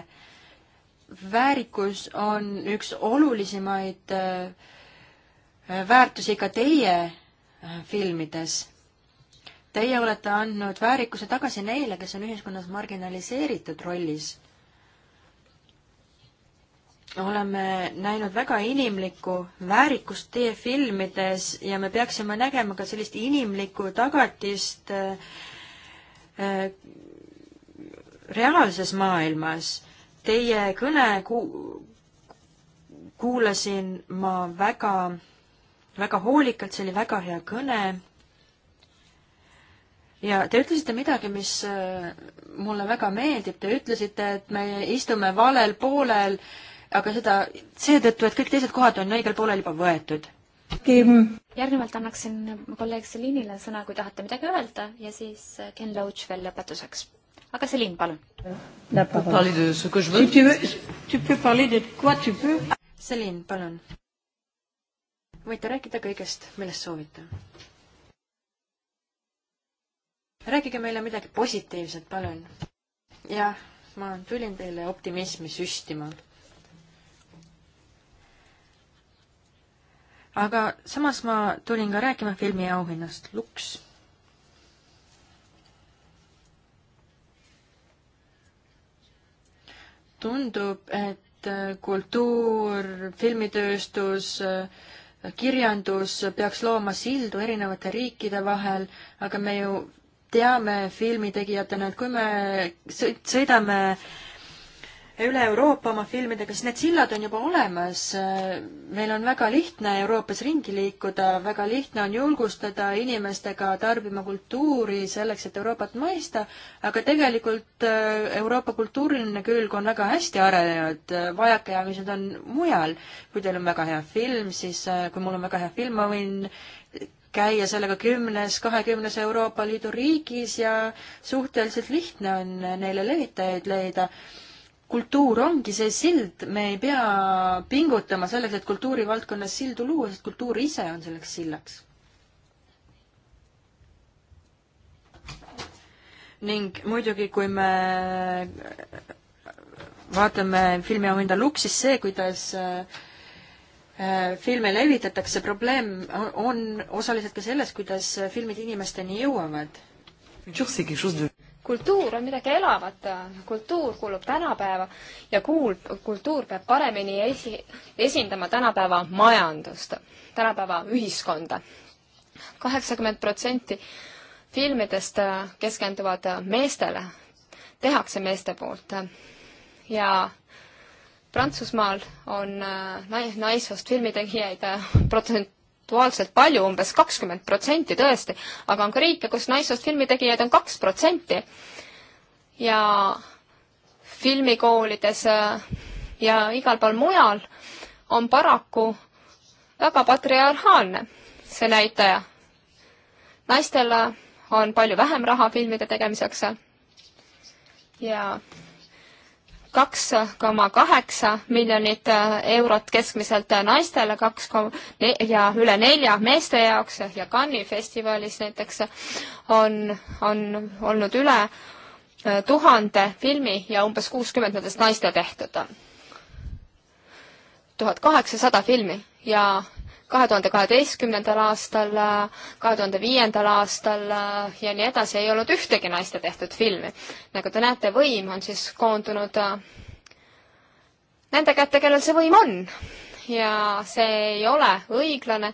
väärikus on üks olulisemaid äh, väärtusi ka teie äh, filmides Teie olete andnud väärikuse tagasi neile, kes on ühiskonnas marginaliseeritud rollis oleme näinud väga inimlikku väärikust teie filmides ja me peaksime nägema ka sellist inimlikku tagatist äh, äh, reaalses maailmas. Teie kõne ku-, kuulasin ma väga, väga hoolikalt, see oli väga hea kõne ja te ütlesite midagi, mis äh, mulle väga meeldib, te ütlesite, et me istume valel poolel äh, aga seda seetõttu, et kõik teised kohad on õigel poolel juba võetud. järgnevalt annaksin kolleeg Selinile sõna, kui tahate midagi öelda ja siis Ken Loach veel lõpetuseks. aga Selin, palun. Selin, palun. võite rääkida kõigest, millest soovite. rääkige meile midagi positiivset, palun. jah, ma tulin teile optimismi süstima aga samas ma tulin ka rääkima filmiauhinnast Lux. tundub, et äh, kultuur, filmitööstus, äh, kirjandus peaks looma sildu erinevate riikide vahel, aga me ju teame filmitegijatena, et kui me sõidame äh, üle Euroopa oma filmidega, siis need sillad on juba olemas. meil on väga lihtne Euroopas ringi liikuda, väga lihtne on julgustada inimestega tarbima kultuuri selleks, et Euroopat mõista, aga tegelikult äh, Euroopa kultuuriline külg on väga hästi arenenud, vajakajäämised on mujal. kui teil on väga hea film, siis äh, kui mul on väga hea film, ma võin käia sellega kümnes, kahekümnes Euroopa Liidu riigis ja suhteliselt lihtne on neile levitajaid leida kultuur ongi see sild, me ei pea pingutama selleks, et kultuurivaldkonnas sildu luua, sest kultuur ise on selleks sillaks. ning muidugi, kui me vaatame filmi ominda Lux, siis see, kuidas äh, äh, filme levitatakse, probleem on osaliselt ka selles, kuidas filmid inimesteni jõuavad kultuur on midagi elavat, kultuur kuulub tänapäeva ja kuul-, kultuur peab paremini esi-, esindama tänapäeva majandust, tänapäeva ühiskonda. kaheksakümmend protsenti filmidest äh, keskenduvad äh, meestele, tehakse meeste poolt ja Prantsusmaal on äh, nais-, naissoost filmitegijaid protsent, protsentuaalselt palju umbes, umbes kakskümmend protsenti tõesti, aga on ka riike, kus naissoost filmitegijaid on kaks protsenti. ja filmikoolides äh, ja igal pool mujal on paraku väga patriarhaalne see näitaja. naistel äh, on palju vähem raha filmide tegemiseks äh, ja kaks koma kaheksa miljonit äh, eurot keskmiselt äh, naistele, kaks koma ja üle nelja meeste jaoks äh, ja Cannes'i festivalis näiteks on, on olnud üle tuhande filmi ja umbes kuuskümmend nendest naiste tehtud. tuhat kaheksasada filmi ja kahe tuhande kaheteistkümnendal aastal, kahe tuhande viiendal aastal äh, ja nii edasi ei olnud ühtegi naiste tehtud filmi. nagu te näete, võim on siis koondunud äh, nende kätte, kellel see võim on. ja see ei ole õiglane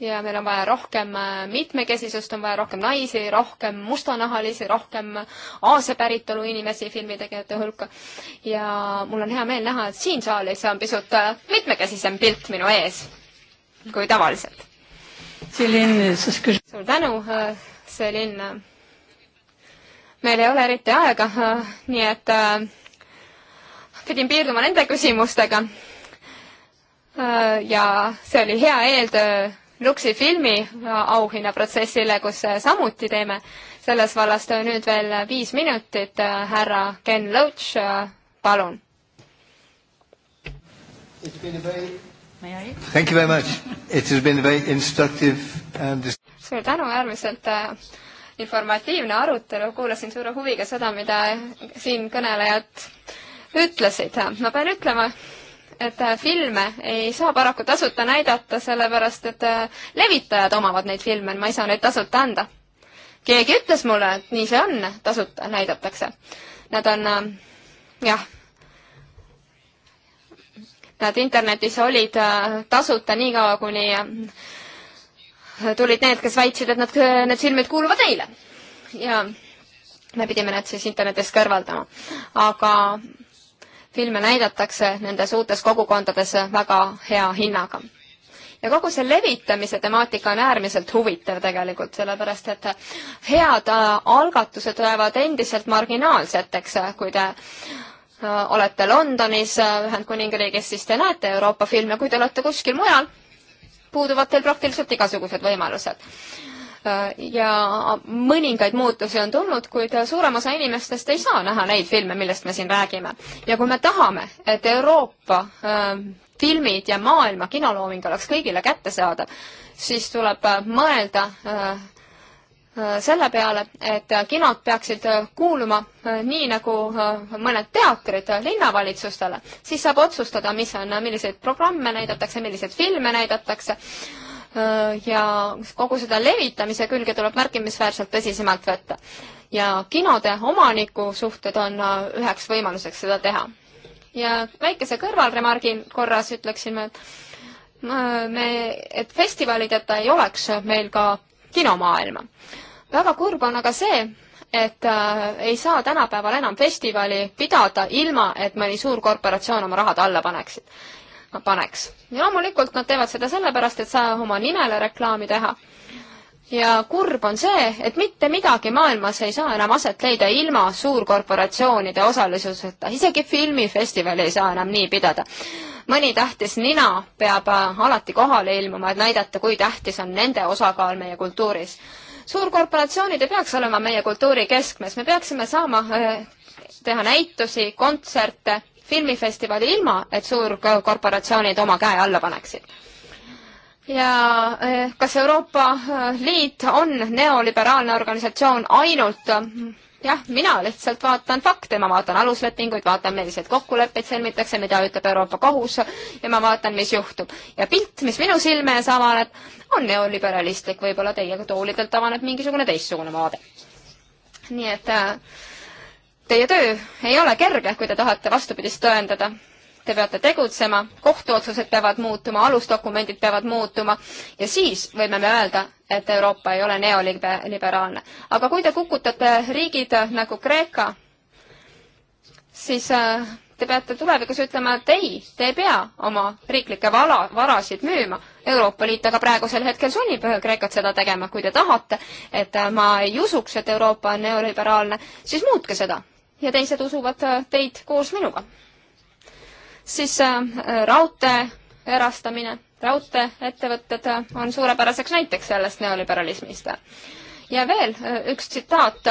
ja meil on vaja rohkem äh, mitmekesisust, on vaja rohkem naisi, rohkem mustanahalisi, rohkem Aasia päritolu inimesi filmitegijate hulka. ja mul on hea meel näha, et siin saalis on pisut äh, mitmekesisem pilt minu ees kui tavaliselt. suur tänu, Selin. Äh, meil ei ole eriti aega, nii et pidin piirduma nende küsimustega. ja see oli hea eeltöö Luksi filmi äh, auhinnaprotsessile, kus äh, samuti teeme selles vallas nüüd veel äh, viis minutit. härra Ken Loach, palun. Very... Thank you very much. It has been very instructive and um, suur tänu, äärmiselt informatiivne arutelu, kuulasin suure huviga seda, mida siin kõnelejad ütlesid. ma pean ütlema, et äh, filme ei saa paraku tasuta näidata, sellepärast et äh, levitajad omavad neid filme, ma ei saa neid tasuta anda. keegi ütles mulle, et nii see on, tasuta näidatakse. Nad on äh, jah, nad internetis olid tasuta niikaua, kuni tulid need, kes väitsid, et nad, need filmid kuuluvad neile. ja me pidime need siis internetis kõrvaldama. aga filme näidatakse nendes uutes kogukondades väga hea hinnaga. ja kogu see levitamise temaatika on äärmiselt huvitav tegelikult, sellepärast et head äh, algatused jäävad endiselt marginaalseteks, kui te äh, olete Londonis, äh, Ühendkuningriigis, siis te näete Euroopa filme, kui te olete kuskil mujal, puuduvad teil praktiliselt igasugused võimalused Äh, ja mõningaid muutusi on tulnud, kuid suurem osa inimestest ei saa näha neid filme, millest me siin räägime. ja kui me tahame, et Euroopa ähm, filmid ja maailma kinolooming oleks kõigile kättesaadav, siis tuleb äh, mõelda äh, selle peale, et kinod peaksid kuuluma nii nagu mõned teatrid linnavalitsustele, siis saab otsustada, mis on, milliseid programme näidatakse, milliseid filme näidatakse Äh, ja kogu seda levitamise külge tuleb märkimisväärselt tõsisemalt võtta. ja kinode omanikusuhted on äh, üheks võimaluseks seda teha. ja väikese kõrvalremargi korras ütleksime, et äh, me, et festivalideta ei oleks meil ka kinomaailma. väga kurb on aga see, et äh, ei saa tänapäeval enam festivali pidada ilma, et mõni suurkorporatsioon oma rahad alla paneksid paneks. ja loomulikult nad teevad seda sellepärast, et saa oma nimele reklaami teha. ja kurb on see, et mitte midagi maailmas ei saa enam aset leida ilma suurkorporatsioonide osalisuseta, isegi filmifestivali ei saa enam nii pidada mõni tähtis nina peab äh, alati kohale ilmuma, et näidata, kui tähtis on nende osakaal meie kultuuris. suurkorporatsioonid ei peaks olema meie kultuuri keskmes, me peaksime saama äh, teha näitusi, kontserte, filmifestivali ilma, et suurkorporatsioonid oma käe alla paneksid. ja eh, kas Euroopa eh, Liit on neoliberaalne organisatsioon ainult jah, mina lihtsalt vaatan fakte, ma vaatan aluslepinguid, vaatan, millised kokkulepped sõlmitakse, mida ütleb Euroopa Kohus ja ma vaatan, mis juhtub. ja pilt, mis minu silme ees avaneb, on neoliberalistlik, võib-olla teie toolidelt avaneb mingisugune teistsugune vaade. nii et äh, Teie töö ei ole kerge, kui te tahate vastupidist tõendada. Te peate tegutsema, kohtuotsused peavad muutuma, alusdokumendid peavad muutuma ja siis võime me öelda, et Euroopa ei ole neoliberaalne. aga kui te kukutate riigid nagu Kreeka, siis äh, te peate tulevikus ütlema, et ei, te ei pea oma riiklikke vala, varasid müüma. Euroopa Liit aga praegusel hetkel sunnib Kreekat seda tegema. kui te tahate, et äh, ma ei usuks, et Euroopa on neoliberaalne, siis muutke seda ja teised usuvad äh, teid koos minuga. siis äh, raudtee erastamine, raudteeettevõtted äh, on suurepäraseks näiteks sellest neoliberalismist. ja veel üks tsitaat,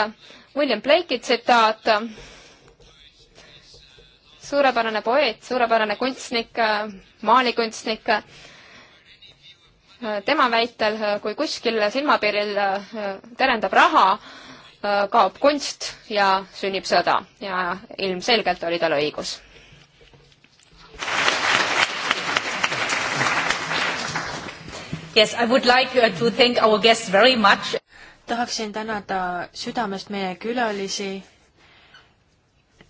William Blake'i tsitaat, suurepärane poeet, suurepärane kunstnik, maalikunstnik, tema väitel, kui kuskil silmapiiril terendab raha, Äh, kaob kunst ja sünnib sõda ja ilmselgelt oli tal õigus. Yes, I would like uh, to thank our guests very much. tahaksin tänada südamest meie külalisi.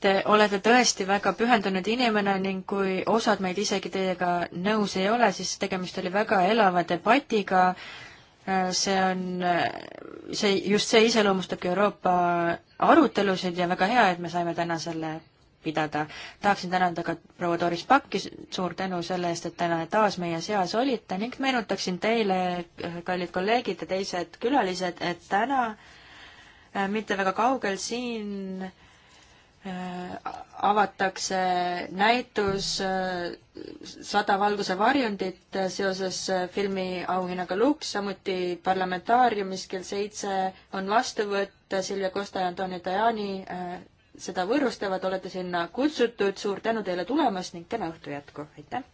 Te olete tõesti väga pühendunud inimene ning kui osad meid isegi teiega nõus ei ole, siis tegemist oli väga elava debatiga äh, Äh, see on, äh, see, just see iseloomustabki Euroopa arutelusid ja väga hea, et me saime täna selle pidada. tahaksin tänada ka proua Doris Pakki, suur tänu selle eest, et täna taas meie seas olite ning meenutaksin teile, kallid kolleegid ja teised külalised, et täna äh, mitte väga kaugel siin äh, Äh, avatakse näitus äh, Sada valguse varjundit äh, seoses filmi auhinnaga Lux, samuti parlamentaariumis kell seitse on vastuvõtt Silvia Costa ja Antonio Tajani seda võõrustavad, olete sinna kutsutud, suur tänu teile tulemast ning kena õhtu jätku, aitäh!